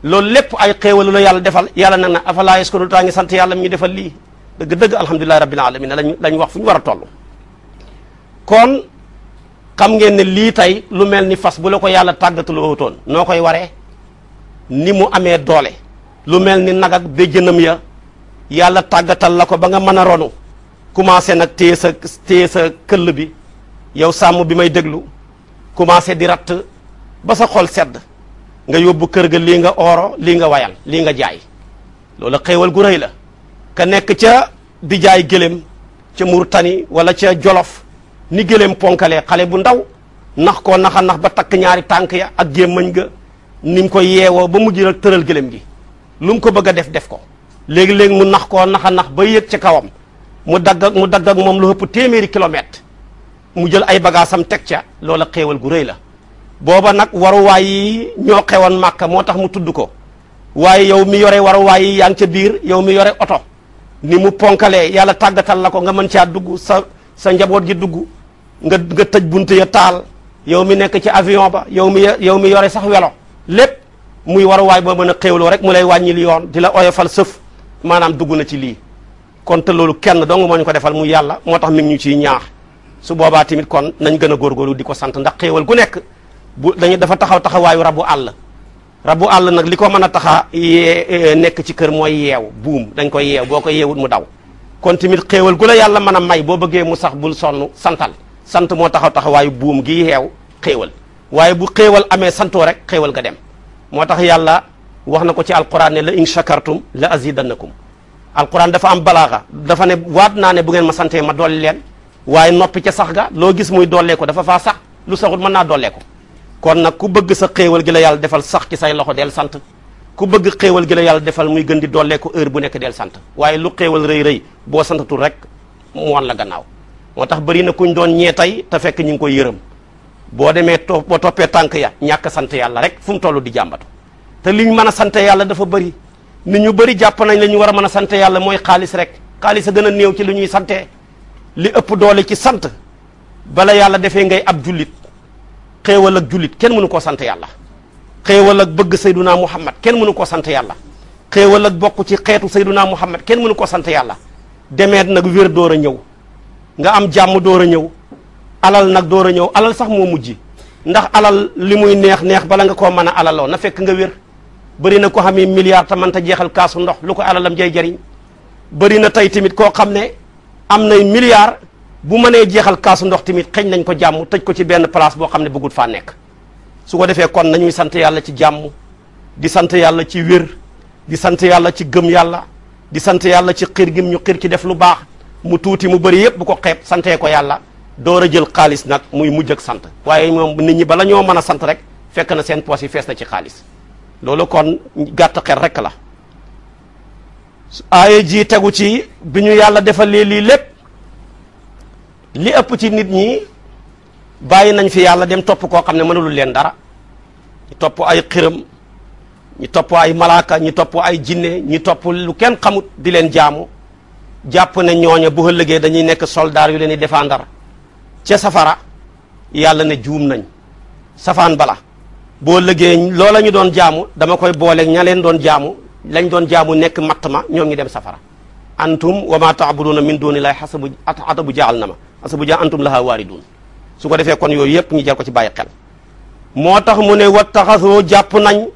loolu lépp ay xéewalu la yàlla defal yàlla nag na afalaa yaskuruun taa ngi sant yàlla mi ñu defal lii dëgg-dëgg alhamdulillahi rabbil alamin lañu lañ wax fu ñu war a toll kon xam ngeen ne lii tey lu mel ni fas bu la ko yàlla tàggatuloo noo koy waree ni mu amee doole lu mel ni nag ak yàlla tàggatal la ko ba nga mën a ronu commencé nag téye sa téye sa këll bi yow sàmm bi may déglu commencé di ratt ba sa xol sedd nga yóbbu kër ga lii nga ooro lii nga wayal lii nga jaay loolu xéewal gu rëy la ka nekk ca di jaay gëléem ca Murtani wala ca Jolof ni gëléem ponkale xale bu ndaw nax ko naxa nax ba takk ñaari tànk ya ak gémmañ ga ni ko yeewoo ba mujj nag tëral gëléem gi lum ko bëgg def def ko léegi-léegi mu nax ko naxa nax ba yëg ca kawam mu dagg mu dagg ak moom lu ëpp téeméeri kilomètre mu jël ay bagaasam teg ca loola xéewal gu rëy la booba nag waruwaay yi ñoo xewoon màkka moo tax mu tudd ko waaye yow mi yore waruwaay yi yaa ngi ca biir yow mi yore oto ni mu ponkale yàlla tàggatal la ko nga mën caa dugg sa sa njaboot gi dugg nga nga tëj buntu ya taal yow mi nekk ci avion ba yow mi yow mi yore sax welo lépp muy waruwaay boo mën a xéewloo rek mu lay wàññil yoon di la oyofal sëf maanaam dugg na ci lii kon te loolu kenn dong moo ñu ko defal mu yàlla moo tax mi ñu ciy ñaax su boobaa tamit kon nañ gën a góorgóorlu di ko sant ndax xéewal gu nekk bu dañu dafa taxaw taxawaayu rabu àll rabu àll nag li ko mën a taxa yee eh, nekk ci kër mooy yeew buum dañ koy yeew boo ko yeewut mu daw kon tamit xéewal gu la yàlla mën a may boo bëggee mu sax bul sonn santal sant moo taxaw taxawaayu buum gi yeew xéewal waaye bu xéewal amee santoo rek xéewal ga dem moo tax yàlla wax na ko ci alquran ne la in shakartum la azidannakum alquran dafa am balaaxa dafa ne waat naa ne bu ngeen ma santee ma dolli leen waaye noppi ca sax ga loo gis muy dollee ko dafa faa sax lu saxut mën naa dollee ko kon nag ku bëgg sa xéewal gi la yàlla defal sax ci say loxo del sant ku bëgg xéewal gi la yàlla defal muy gën di dollee ko heure bu nekk del sant waaye lu xéewal rëy rëy boo santatul rek mu wan la gannaaw moo tax bëri na kuñ doon ñee tey te fekk ñu ngi koy yërëm boo demee boo toppee tànk ya ñàkk sant yàlla rek fu mu toll di jàmbatu dafa bëri nit ñu bëri jàpp nañ la ñu war a mën a sant yàlla mooy xaalis rek xaalis a gën a néew ci li ñuy sante li ëpp doole ci sant bala yàlla defee ngay ab jullit xéewal ak jullit kenn mënu koo sant yàlla xéewal ak bëgg sayduna muhammad kenn mënu koo sant yàlla xéewal ak bokk ci xeetu sayduna muhammad kenn mënu koo sant yàlla demeet nag wér door a ñëw nga am jàmm door a ñëw alal nag door a ñëw alal sax moo mujj ndax alal li muy neex neex bala nga koo mën a alaloo na fekk nga wér bari na ko xam ne milliard te mënta jeexal kaasu ndox lu ko alalam jay jariñ bari na tey tamit koo xam ne am nay milliard bu mënee jeexal kaasu ndox tamit xëñ nañ ko jàmm tëj ko ci benn place boo xam ne bëggul faa nekk su ko defee kon nañuy sant yàlla ci jàmm di sant yàlla ci wér di sant yàlla ci gëm yàlla di sant yàlla ci xir gim ñu xir ci def lu baax mu tuuti mu bëri yëpp bu ko xeeb santee ko yàlla door a jël xaalis nag muy mujj ak sant waaye moom nit ñi bala ñoo mën a sant rek fekk na seen poos fees na ci xaalis loolu kon gàtt xel rek la aaya jii tegu ci bi ñu yàlla defalee lii lépp li ëpp ci nit ñi bàyyi nañ fi yàlla dem topp koo xam ne mënalul leen dara ñu topp ay xiram ñu topp ay malaaka ñu topp ay jinne ñu topp lu kenn xamut di leen jaamu jàpp ne ñooña bu ëllëgee dañuy nekk soldaar yu leen di défendre ca safara yàlla ne juum nañ safaan bala boo lëgee loola ñu doon jaamu dama koy booleeg ña leen doon jaamu lañ doon jaamu nekk matt ma ñoom ñu dem safara antum wa ma taabuduuna min laay duni laahi xasabu bu jaal na ma xasabu ja antum laha waaridun su ko defee kon yooyu yëpp ñu jël ci bàyyi moo tax mu ne wattaxasoo jàpp nañ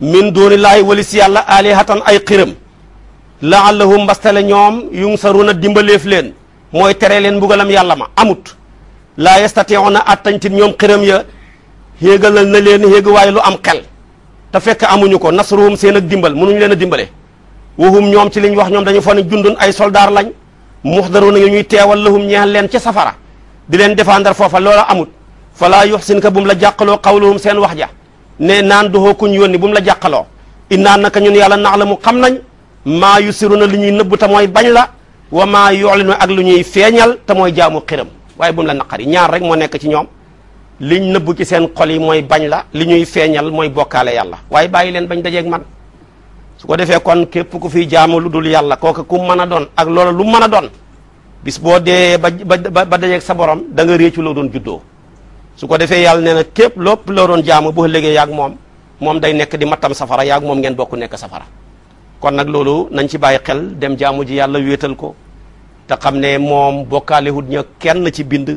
min duni laahi walis yàlla alihatan ay xiram laallahum mbastale ñoom yung saruna dimbaleef leen mooy tere leen mbugalam yàlla ma amut laa yastatiuna attañtit ñoom xiram ya xéegalal na leen xéeguwaay lu am xel te fekk amuñu ko nasruhum seen ak dimbal mënuñu leen a dimbale wahum ñoom ci liñ wax ñoom dañu foog ne jundun ay soldaar lañ muxdaruuna yu ñuy teewal lahum ñeexal leen ca safara di leen défendre foofa loola amut falaa yuxsin ka bu mu la jàqaloo xawluhum seen wax ja ne naan doxoo kuñ yónni bu mu la jàqaloo innaa naka ñun yàlla nax la mu xam nañ maa yu na lu ñuy nëbb te mooy bañ la wa maa yoolinu ak lu ñuy feeñal te mooy jaamu xiram waaye bu mu la naqari ñaar rek moo nekk ci ñoom liñ nëbbu ci seen xol yi mooy bañ la li ñuy feeñal mooy bokkaale yàlla waaye bàyyi leen bañ dajeeg man su ko defee kon képp ku fiy jaamu lu dul yàlla kooku ku mën a doon ak loola lu mën a doon bis boo dee ba ba ba dajeeg sa borom da nga réccu loo doon juddoo su ko defee yàlla nee na képp lépp loo doon jaamu bu ëllëgee yaag moom moom day nekk di mattam safara yàgg moom ngeen bokk nekk safara kon nag loolu nañ ci bàyyi xel dem jaamu ji yàlla wéetal ko te xam ne moom bokkaale wut ña kenn ci bind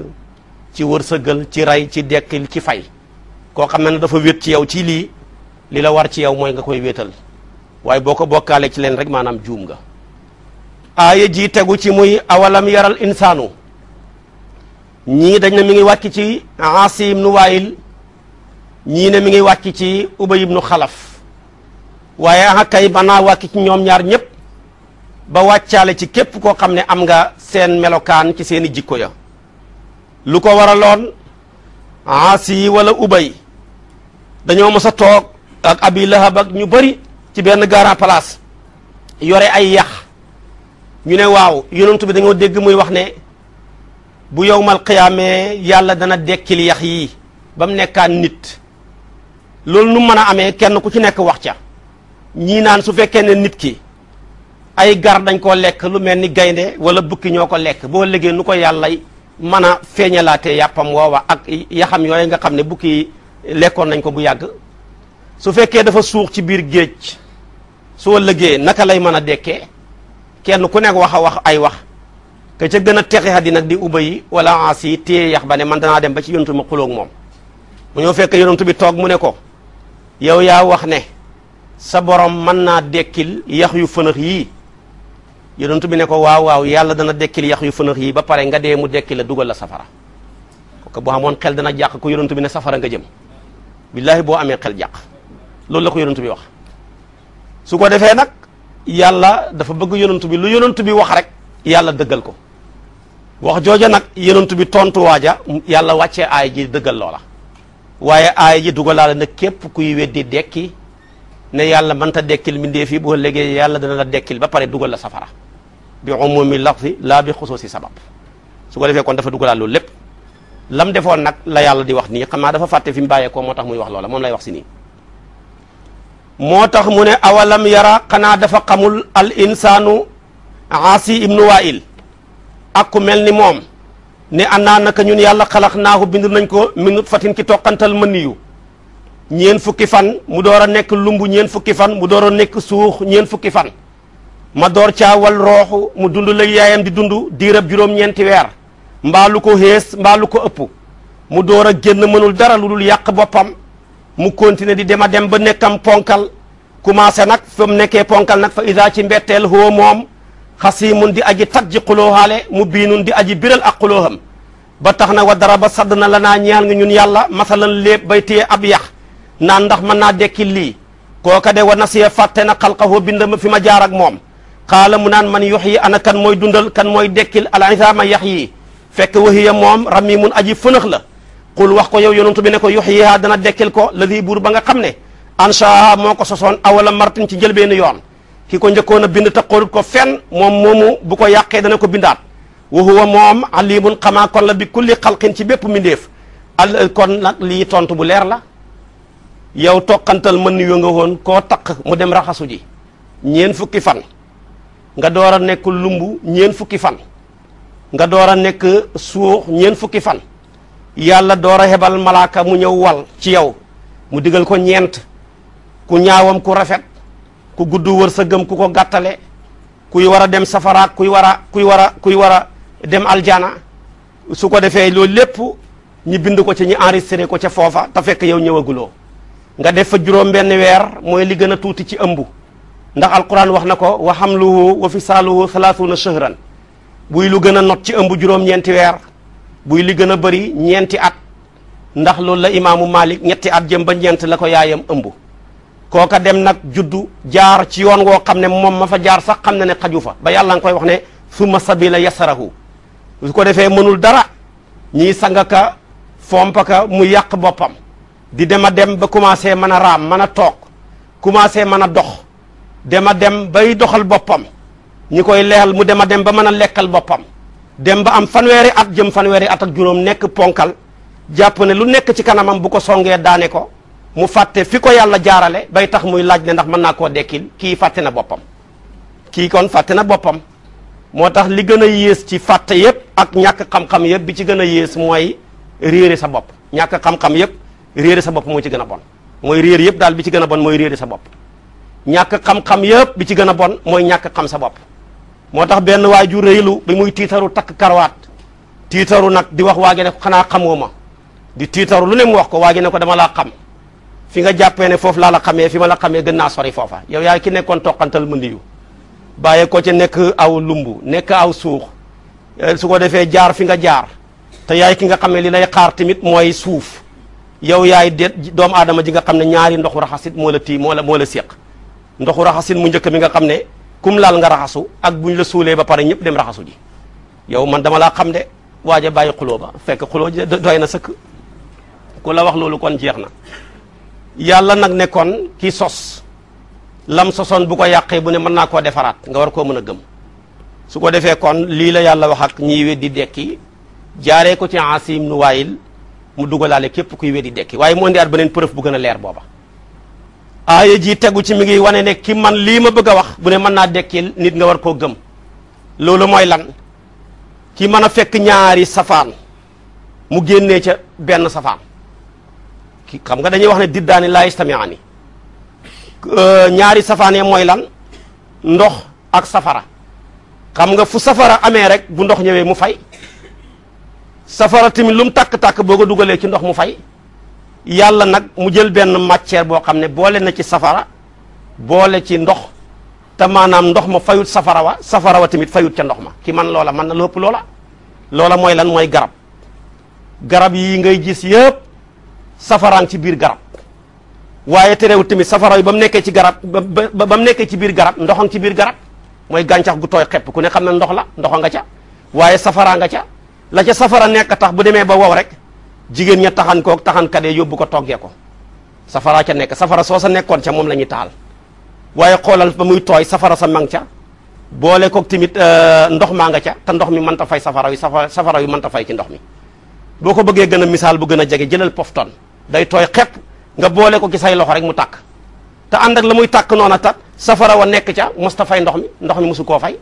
ci wër wërsëgal ci ray ci dekkil ci fay koo xam ne dafa wét ci yow ci lii li la war ci yow mooy nga koy wéetal waaye boo ko bokkaale ci leen rek maanaam juum nga aaye ji tegu ci muy awalam yaral insaanu ñii dañ ne mi ngi wàcc ci Aasi nu Waayil ñii ne mi ngi wàcc ci Ubay ibnu Xalaf waaye ah kay mën naa wàcc ci ñoom ñaar ñëpp ba wàccaale ci képp koo xam ne am nga seen melokaan ci seeni jikko ya lu ko waraloon aasi wala ubay dañoo mës a toog ak abi ak ñu bari ci benn gaara place yore ay yax ñu ne waaw yonent bi dañoo dégg muy wax ne bu yowmal qiyaamee yàlla dana dekkil yax yi ba mu nekkaat nit loolu nu mën a amee kenn ku ci nekk wax ca ñii naan su fekkee ne nit ki ay gar dañ koo lekk lu mel ni gaynde wala bukki ñoo ko lekk boo liggéey nu ko yàllay mën a feeñalaate yàppam woowa ak yaxam yooyu nga xam ne bukki lekkoon nañ ko bu yàgg su fekkee dafa suux ci biir géej soo lëggee naka lay mën a dekkee kenn ku nekk wax a wax ay wax ke ca gën a texe xadi di uba yi wala ansi yi yax ba ne man danaa dem ba ci yonentu ma xulóog moom mu ñëw fekk yonentu toog mu ne ko yow yaa wax ne sa borom mën naa dekkil yax yu fënax yii yonentu bi ne ko waaw waaw yàlla dana dekkil yax yu fënax yi ba pare nga dee mu dekki la dugal la safara kooku boo amoon xel dana jàq ko yonentu bi ne safara nga jëm billaahi boo amee xel jàq loolu la ko yonentu bi wax ko defee nag yàlla dafa bëgg yonentu bi lu yonentu bi wax rek yàlla dëggal ko wax jooja nag yonentu bi tontu waaja yàlla wàccee aay ji dëggal loola waaye aay ji dugalaale nag képp kuy weddi dekki na yàlla mënta dekkil mbindeef yi bu ëllëgee yàlla dana la dekkil ba pare dugal la safara bi umumi lafzi laa bi xusuusi sabab su ko defee kon dafa dugalaat loolu lépp lam defoon nag la yàlla di wax nii xam naa dafa fàtte fi mu bàyyeekoo moo tax muy wax loola moom lay wax si nii moo tax mu ne awalam yara xanaa dafa xamul al insaanu aasi ibnu wail ak ku mel ni moom ne annaa naka ñun yàlla xalax naahu bind nañ ko minut fatin ki toqantal ma niyu ñeen fukki fan mu door a nekk lumbu ñeen fukki fan mu door a nekk suux ñeen fukki fan ma door caawal rooxu mu dund la yaayam di dund diirab juróom-ñeenti weer mbaa lu ko xées mbaa lu ko ëpp mu door a génn mënul dara lu dul yàq boppam mu continuer di dem a dem ba nekkam ponkal commencé nag fa mu nekkee ponkal nag fa isa ci mbetteel huwa moom xasiimun di aji tat ji xulooxaale mu biinun di aji biral ak xulooxam ba tax na wa dara ba sadd na la naa ñaan nga ñun yàlla masalan léeb bay téye ab yax naan ndax mën naa dekki lii kooka de wa nasiya fàtte na xalqahu bind ma fi ma jaar ak moom xaala mu naan man yox yi ana kan mooy dundal kan mooy dekkil alanisaama yax yi fekk waxiya moom rami mun aji fënax la qul wax ko yow yonentu bi ne ko yox yihaa dana dekkil ko ladi buur ba nga xam ne anshaa moo ko sosoon awala martin ci njëlbeen yoon ki ko njëkkoon a bind te xoolut ko fen moom moomu bu ko yàqee dana ko bindaat wa huwa moom alimun xamaa kon la bi kulli xalqin ci bépp mbindéef al kon nag lii tontu bu leer la yow toqantal mën ni nga woon koo taq mu dem raxasu ji ñeen fukki fan nga door a nekk lumbu ñeen fukki fan nga door a nekk suux ñeen fukki fan yàlla door a hebal malaaka mu ñëw wal ci yow mu digal ko ñeent ku ñaawam ku rafet ku gudd wërsëgam ku ko gàttale kuy war a dem safaraak kuy war a kuy war a kuy war a dem aljana su ko defee loolu lépp ñi bind ko ci ñi enregistré ko ca foofa te fekk yow ñëwaguloo nga def fa juróom benn weer mooy li gën a tuuti ci ëmb ndax al alquran wax na ko wa hamluhu wa fisaaluhu salaasuuna shahran buy lu gën a not ci ëmb juróom-ñeenti weer buy li gën a bëri ñeenti at ndax loolu la imaamu Malik ñetti at jëm ba ñeent la ko yaayam ëmb kooka dem nag juddu jaar ci yoon woo xam ne moom ma fa jaar sax xam na ne xaju fa ba yàlla nga koy wax ne summa sabila yasarahu su ko defee mënul dara ñiy sangaka fompaka mu yàq boppam di dem a dem ba commencé mën a raam mën a toog commencé mën a dox dema dem bay doxal boppam ñi koy leyal mu dema dem ba mën a lekkal boppam dem ba am fanweeri at jëm fanweeri at ak juróom nekk ponkal jàpp ne lu nekk ci kanamam bu ko songee daane ko mu fàtte fi ko yàlla jaarale bay tax muy laaj ne ndax mën naa koo dekkil kii fàtte na boppam kii kon fàtte na boppam moo tax li gën a yées ci fàtte yépp ak ñàkk xam-xam yépp bi ci gën a yées mooy réere sa bopp ñàkk xam-xam yépp réere sa bopp moo ci gën a bon mooy réer yépp daal bi ci gën a bon mooy réere sa bopp ñàkk xam-xam yëpp bi ci gën a bon mooy ñàkk xam sa bopp moo tax benn waaju rëylu bi muy tiitaru takk karawaat tiitaru nag di wax waa ji ne ko xanaa xamoo ma di tiitaru lu ne wax ko waa ne ko dama laa xam fi nga jàppee ne foofu laa la xamee fi ma la xamee gën naa sori foofa yow yaay ki nekkoon toqantal mu ndiyu bàyyee ko ci nekk aw lumbu nekk suux eh, su ko defee jaar fi nga jaar te yaay ki nga xam ne li lay xaar tamit mooy suuf yow yaay déet doomu aadama ji nga xam ne ñaari ndoxu raxasit moo la tii moo la moo la séq ndoxu raxasin mu njëkk mi nga xam ne kum laal nga raxasu ak buñ la suulee ba pare ñëpp dem raxasu ji yow man dama laa xam de waaja bàyyi xuloo ba fekk xuloo doy na sëkk ku la wax loolu kon jeex na yàlla nag ne kon ki sos lam sosoon bu ko yàqee bu ne mën naa koo defaraat nga war koo mën a gëm su ko defee kon lii la yàlla wax ak wet di dekki jaaree ko ci asim nu waayil mu dugalaale képp kuy weddi dekki waaye mu indi at beneen preuve bu gën a leer booba aaya ji tegu ci mi ngi wane ne ki man lii ma bëgg wax bu ne mën naa dekkil nit nga war koo gëm loolu mooy lan ki mën a fekk ñaari safaan mu génnee ca benn safaan ki xam nga dañuy wax ne diddaani laa yastamiaani euh, ñaari safaane mooy lan ndox ak safara xam nga fu safara amee rek bu ndox ñëwee mu fay safara tamit lu mu takk tàkk boo ko dugalee ci ndox mu fay yàlla nag mu jël benn matière boo xam ne boole na ci safara boole ci ndox te maanaam ndox ma fayut safara wa safara wa tamit fayut ca ndox ma ki man loola man na lépp loola loola mooy lan mooy garab garab yi ngay gis yëpp safaraan ci biir garab waaye terewut tamit safara yi ba mu nekkee ci garab ba ba mu nekkee ci biir garab ndoxam ci biir garab mooy gàncax gu tooy xepp ku ne xam na ndox la ndoxa nga ca waaye safara nga ca la ca safara nekk tax bu demee ba wow rek jigéen ña taxan kook taxan kadee yóbbu ko toggee ko safaraa ca nekk safara soo sa nekkoon ca moom la ñuy taal waaye xoolal ba muy tooy safara sa mang ca boole kook tamit euh, ndox maa nga ca te ndox mi mënta fay safara yu safa safara yu mënta fay ci ndox mi boo ko bëggee gën a misaal bu gën a jege jëlal pofton day tooy xepp nga boole ko ci say loxo rek mu takk te ànd ak la muy takk noona ta safara wa nekk ca mosta fay ndox mi ndox mi mosu koo fay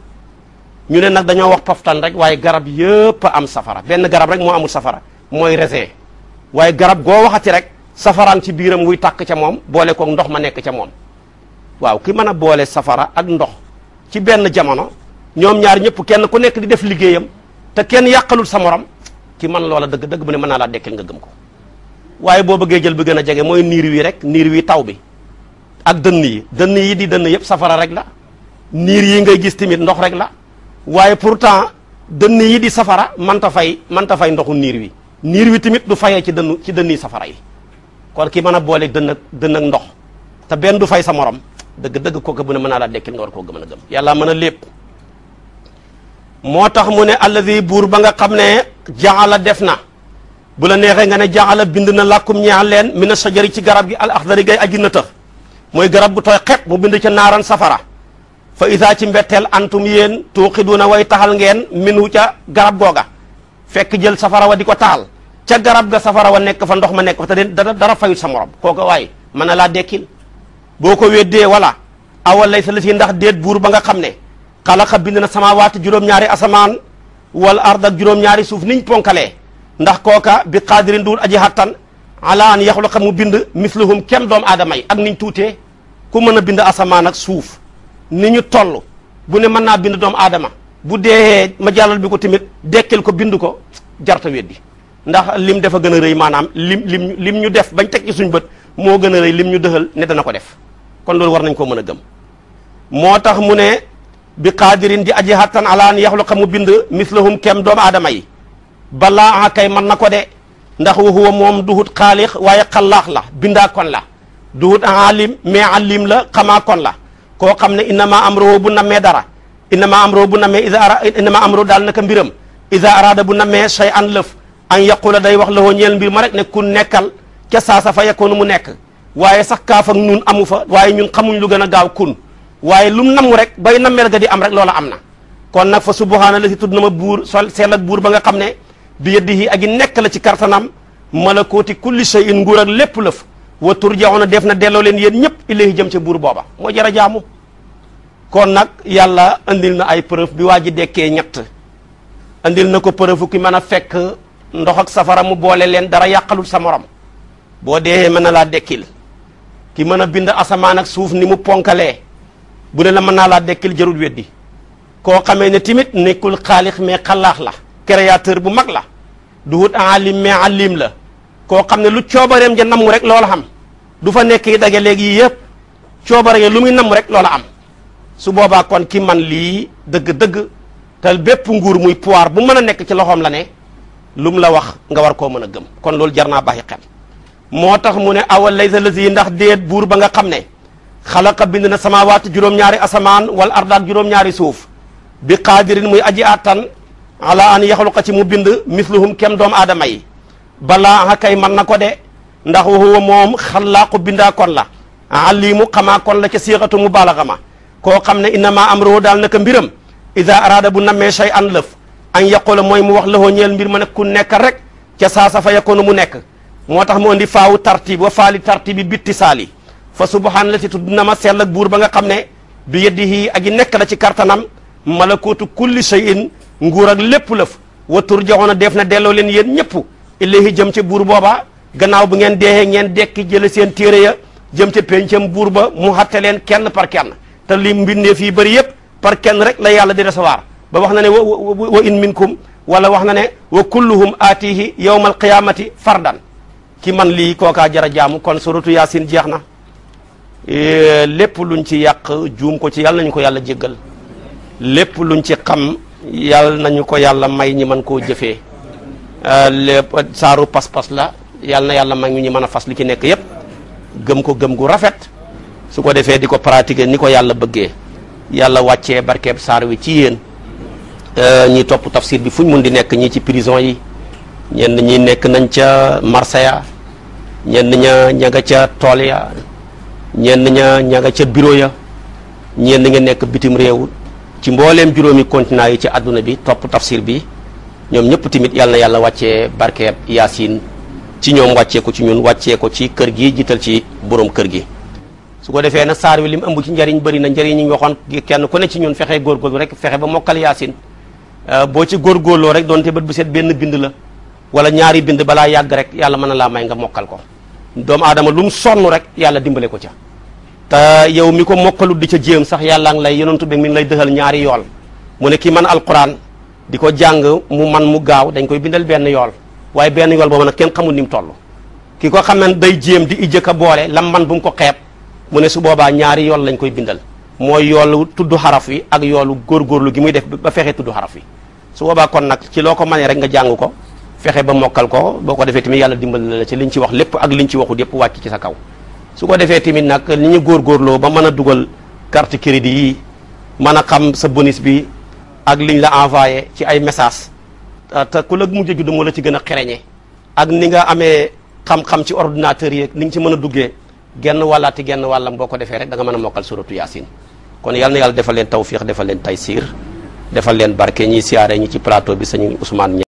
ñu ne nag dañoo wax poftan rek waaye garab yëpp a am safara benn garab rek moo amul safara mooy raisin waaye garab goo waxati rek safaraan ci biiram wuy tàkk ca moom boole ko ndox ma nekk ca moom waaw ki mën a boole safara ak ndox ci benn jamono ñoom ñaar ñëpp kenn ku nekk di def liggéeyam te kenn yàqalul sa morom ki man loola dëgg dëgg bu ne mën naa laa dekkil nga gëm ko waaye boo bëggee jël bi gën a jege mooy niir wi rek niir wi taw bi ak dënn yi dënn yi di dënn yëpp safara rek la niir yi ngay gis tamit ndox rek la waaye pourtant dënn yi di safara manta fay manta fay ndoxu niir wi niir wi tamit du fayee ci dënnu ci dënni safara yi kon ki mën a boole dënn ak dënn ndox te benn du fay sa morom dëgg-dëgg kooku bu ne mën naa laa dekkil nga war koo mën a gëm yàlla mën a lépp moo tax mu ne alladi buur ba nga xam ne jaala def na bu la neexee nga ne jaala bind na làkkum ñaal leen mina sajari ci garab gi al axdari gay aji na tëx mooy garab gu tooy xepp mu bind ca naaran safara fa isaa ci mbetteel antum yéen tuuxiduuna way taxal ngeen minu ca garab googa fekk jël safara wa di ko taxal ca garab ga safara wa nekk fa ndox ma nekk fa te dara dara fayut sa morom kooka waaye mën na laa dekkil boo ko weddee wala awa lay sa la ndax déet buur ba nga xam ne xalaqa bind na samaawaati juróom-ñaari asamaan wal ard ak juróom-ñaari suuf niñ ponkale ndax kooka bi qaadirin duul aji hattan ala an xam mu bind mislahum kenn doom aadama yi ak niñ tuutee ku mën a bind asamaan ak suuf ni ñu toll bu ne mën naa bind doom aadama bu dee ma jàllal bi ko tamit dekkil ko bind ko jarta weddi ndax lim dafa gën a rëy maanaam lim lim lim ñu def bañ teg ci suñ bët moo gën lim ñu dëxal ne dana ko def kon loolu war nañ koo mën a gëm moo tax mu ne bi qaadirin di aji hattan alaan yaxluqa mu bind mislahum kem doomu aadama yi balaa kay man na ko de ndax wa huwa moom duhut xaalix waaye xallaax la bindaa kon la duhut alim mais lim la xamaa kon la koo xam ne am amruhu bu namee dara am amruhu bu namee isa ara innama amruhu daal naka mbiram isa bu namee shay an lëf an yaqula day wax lawoo ñeel mbir ma rek ne kun nekkal ca saasa fa yakkoonu mu nekk waaye sax kaaf ak ñun amu fa waaye ñun xamuñ lu gën a gaaw kun waaye lu mu namm rek bay nammeel ga di am rek loola am na kon nag fa subhaana la si tudd na ma buur sol seel buur ba nga xam ne bi yeddihi ak i nekk la ci kartanam malakooti kulli shay'in nguur ak lépp lëf wa turjauna def na delloo leen yéen ñëpp ilayhi jëm ca buur booba moo jara a jaamu kon nag yàlla andil na ay preuve bi waa ji ñett andil na ko preuve ku mën a fekk ndox ak safara mu boole leen dara yàqalul sa morom boo dee mën na laa dekkil ki mën a bind asamaan ak suuf ni mu ponkale bu ne la mën naa laa dekkil jarul weddi koo xamee ne tamit nekkul xaalis mais xallaax la créateur bu mag la du wut alim mais alim la koo xam ne lu coobareem ja namm rek loola xam du fa nekk yi dage léegi yii yëpp coobare lu muy namm rek loola am su boobaa kon ki man lii dëgg-dëgg te bépp nguur muy pouvoir bu mën a nekk ci loxoom la ne lu mu la wax nga war ko mën a gëm kon loolu jar naa bàyyi xel moo tax mu ne awal laysa lazi ndax déet buur ba nga xam ne ka bind na samaawaat juróom-ñaari asamaan wala ardaak juróom-ñaari suuf bi qaadirin muy aji attan ala an yaxluqa ci mu bind misluhum kem doomu aadama yi bala a man na ko de ndax wa huwa moom xallaaqu bindaa kon la alimu xamaa kon la ca siixatu mu baalaxa ma koo xam ne am amruhu daal naka mbiram ida araada bu nammee shay an an yaqula mooy mu wax lahoo ñeel mbir ma ne ku nekk rek ca saasa fa yakoonu mu nekk moo tax mu andi faawu tartib wa faali tartibi bitti saali fa subhaan la ci tudd na ma sell ak buur ba nga xam ne bi yeddihi ak yi nekk la ci kartanam mala kootu kulli shay'in nguur ak lépp lëf wa turjaxoona def na delloo leen yéen ñëpp ilayhi jëm ca buur booba gannaaw bu ngeen deexee ngeen dekki jële seen téere ya jëm ca péncam buur ba mu xatte leen kenn par kenn te li mbindee fii bëri yëpp par kenn rek la yàlla di recevoir ba wax na ne wa in minkum wala wax na ne wa kulluhum aatihi yawma alqiyamati fardan ki man lii kookaa jara jaamu kon suratu yaasin jeex na e, lépp luñ ci yàq juum ko ci yàlla nañu ko yàlla jéggal lépp luñ ci xam yàlla nañu ko yàlla may ñi man koo jëfee e, lépp saaru pas-pas la yàlla na yàlla may ñu ñi mën a fas li ci nekk yépp gëm ko gëm gu rafet su ko defee di ko pratiquer ni ko yàlla bëggee yàlla wàccee barkeb saar wi ci yéen Euh, ñi topp tafsir bi fu ñu mun di nekk ñi ci prison yi ñenn ñi nekk nañ ca ya ñenn ña ña nga ca tool ya ñenn ña ña nga ca bureau ya ñenn nga nekk bitim réew ci mbooleem juróomi continent yi ci àdduna bi topp tafsir bi ñoom ñëpp tamit yàlla na yàlla wàccee barkeeb yaasin ci ñoom wàccee ko ci ñun wàccee ko ci kër gi jiital ci borom kër gi. su ko defee nag saar wi li mu ëmb ci njariñ bëri na njariñ yi kenn ku ne ci ñun fexe góorgóorlu rek fexe ba mokkal yaasin Euh, boo ci góor góorloo rek doonte bët bu set benn bind la wala ñaari bind balaa yàgg rek yàlla mën na laa may nga mokkal ko doomu adama lu mu sonn rek yàlla dimbale ko ca te yow mi ko mokkalut di ca jéem sax yàlla ngi lay yonantu bi mi ngi lay dëxal ñaari yool mu ne kii man alquran di ko jàng mu man mu gaaw dañ koy bindal benn yool waaye benn yool boobu nag kenn xamul ni mu toll ki ko xam ne day jéem di ijjëkk a boole lam man bu mu ko xeeb mu ne su boobaa ñaari yool lañ koy bindal mooy yoolu tudd xaraf wi ak yoolu góorlu gi muy def ba fexe tudd xaraf wi su boobaa kon nag ci loo ko manee rek nga jàng ko fexe ba mokkal ko boo ko defee tamit yàlla dimbal la ci liñ ci wax lépp ak liñ ci waxut yépp wàcc ci sa kaw su ko defee tamit nag ni ñu góor góorloo ba mën a dugal carte crédit yi mën a xam sa bonus bi ak liñ la envoyé ci ay message te ku la mujj judd moo la ci gën a xereñe ak ni nga amee xam-xam ci ordinateur yi ni nga ci mën a duggee genn wàllaati genn wàllam boo ko defee rek da nga mën a mokkal suratu yaasin kon yal na yàlla defal leen tawfiix defal leen taysiir defal leen barke ñi siyaare ñi ci plateau bi sëñ Ousmane